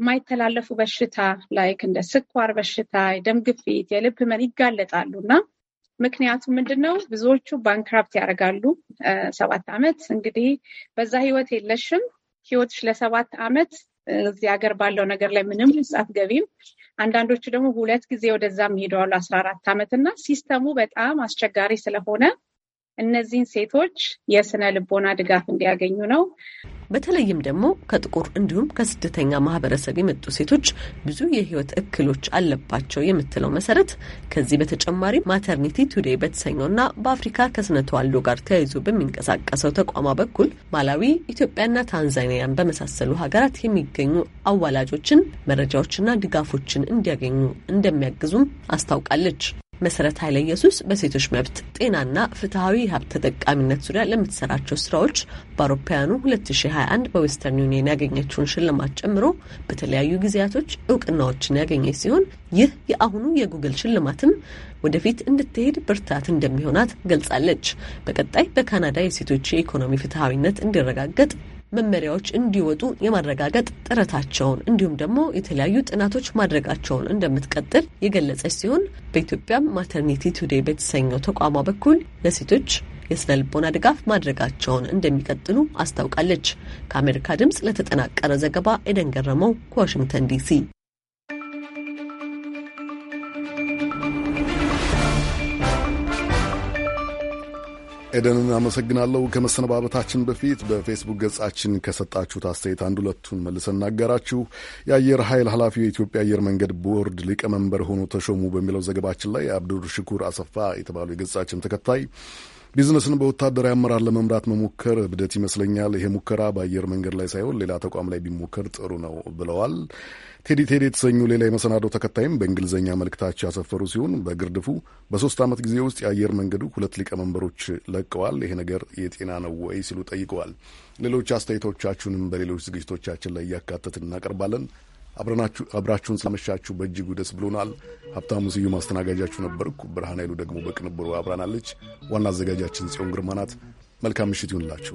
የማይተላለፉ በሽታ ላይክ እንደ ስኳር በሽታ፣ የደም ግፊት፣ የልብ ህመም ይጋለጣሉ እና ምክንያቱም ምንድን ነው ብዙዎቹ ባንክራፕት ያደርጋሉ። ሰባት ዓመት እንግዲህ በዛ ህይወት የለሽም ህይወትሽ ለሰባት ዓመት እዚህ ሀገር ባለው ነገር ላይ ምንም ገቢም። አንዳንዶቹ ደግሞ ሁለት ጊዜ ወደዛም ሄደዋሉ አስራ አራት ዓመት እና ሲስተሙ በጣም አስቸጋሪ ስለሆነ እነዚህን ሴቶች የስነ ልቦና ድጋፍ እንዲያገኙ ነው። በተለይም ደግሞ ከጥቁር እንዲሁም ከስደተኛ ማህበረሰብ የመጡ ሴቶች ብዙ የህይወት እክሎች አለባቸው የምትለው መሰረት ከዚህ በተጨማሪ ማተርኒቲ ቱዴይ በተሰኘውና በአፍሪካ ከስነ ተዋልዶ ጋር ተያይዞ በሚንቀሳቀሰው ተቋማ በኩል ማላዊ፣ ኢትዮጵያና ታንዛኒያን በመሳሰሉ ሀገራት የሚገኙ አዋላጆችን መረጃዎችና ድጋፎችን እንዲያገኙ እንደሚያግዙም አስታውቃለች። መሰረት ኃይለ ኢየሱስ በሴቶች መብት ጤናና ፍትሐዊ ሀብት ተጠቃሚነት ዙሪያ ለምትሰራቸው ስራዎች በአውሮፓውያኑ 2021 በዌስተርን ዩኒየን ያገኘችውን ሽልማት ጨምሮ በተለያዩ ጊዜያቶች እውቅናዎችን ያገኘች ሲሆን ይህ የአሁኑ የጉግል ሽልማትም ወደፊት እንድትሄድ ብርታት እንደሚሆናት ገልጻለች። በቀጣይ በካናዳ የሴቶች የኢኮኖሚ ፍትሐዊነት እንዲረጋገጥ መመሪያዎች እንዲወጡ የማረጋገጥ ጥረታቸውን እንዲሁም ደግሞ የተለያዩ ጥናቶች ማድረጋቸውን እንደምትቀጥል የገለጸች ሲሆን በኢትዮጵያም ማተርኒቲ ቱዴይ በተሰኘው ተቋሟ በኩል ለሴቶች የስነልቦና ድጋፍ ማድረጋቸውን እንደሚቀጥሉ አስታውቃለች። ከአሜሪካ ድምፅ ለተጠናቀረ ዘገባ ኤደን ገረመው ከዋሽንግተን ዲሲ ኤደንን አመሰግናለሁ። ከመሰነባበታችን በፊት በፌስቡክ ገጻችን ከሰጣችሁት አስተያየት አንድ ሁለቱን መልሰን እናገራችሁ። የአየር ኃይል ኃላፊው የኢትዮጵያ አየር መንገድ ቦርድ ሊቀመንበር ሆኖ ተሾሙ በሚለው ዘገባችን ላይ አብዱር ሽኩር አሰፋ የተባሉ የገጻችን ተከታይ ቢዝነስን በወታደራዊ አመራር ለመምራት መሞከር እብደት ይመስለኛል። ይሄ ሙከራ በአየር መንገድ ላይ ሳይሆን ሌላ ተቋም ላይ ቢሞከር ጥሩ ነው ብለዋል። ቴዲ ቴዲ የተሰኙ ሌላ የመሰናዶ ተከታይም በእንግሊዝኛ መልእክታቸው ያሰፈሩ ሲሆን በግርድፉ በሶስት ዓመት ጊዜ ውስጥ የአየር መንገዱ ሁለት ሊቀመንበሮች ለቀዋል። ይሄ ነገር የጤና ነው ወይ ሲሉ ጠይቀዋል። ሌሎች አስተያየቶቻችሁንም በሌሎች ዝግጅቶቻችን ላይ እያካተትን እናቀርባለን። አብራችሁን ስላመሻችሁ በእጅጉ ደስ ብሎናል። ሀብታሙ ስዩ ማስተናጋጃችሁ ነበርኩ። ብርሃን ኃይሉ ደግሞ በቅንብሩ አብራናለች። ዋና አዘጋጃችን ጽዮን ግርማ ናት። መልካም ምሽት ይሁንላችሁ።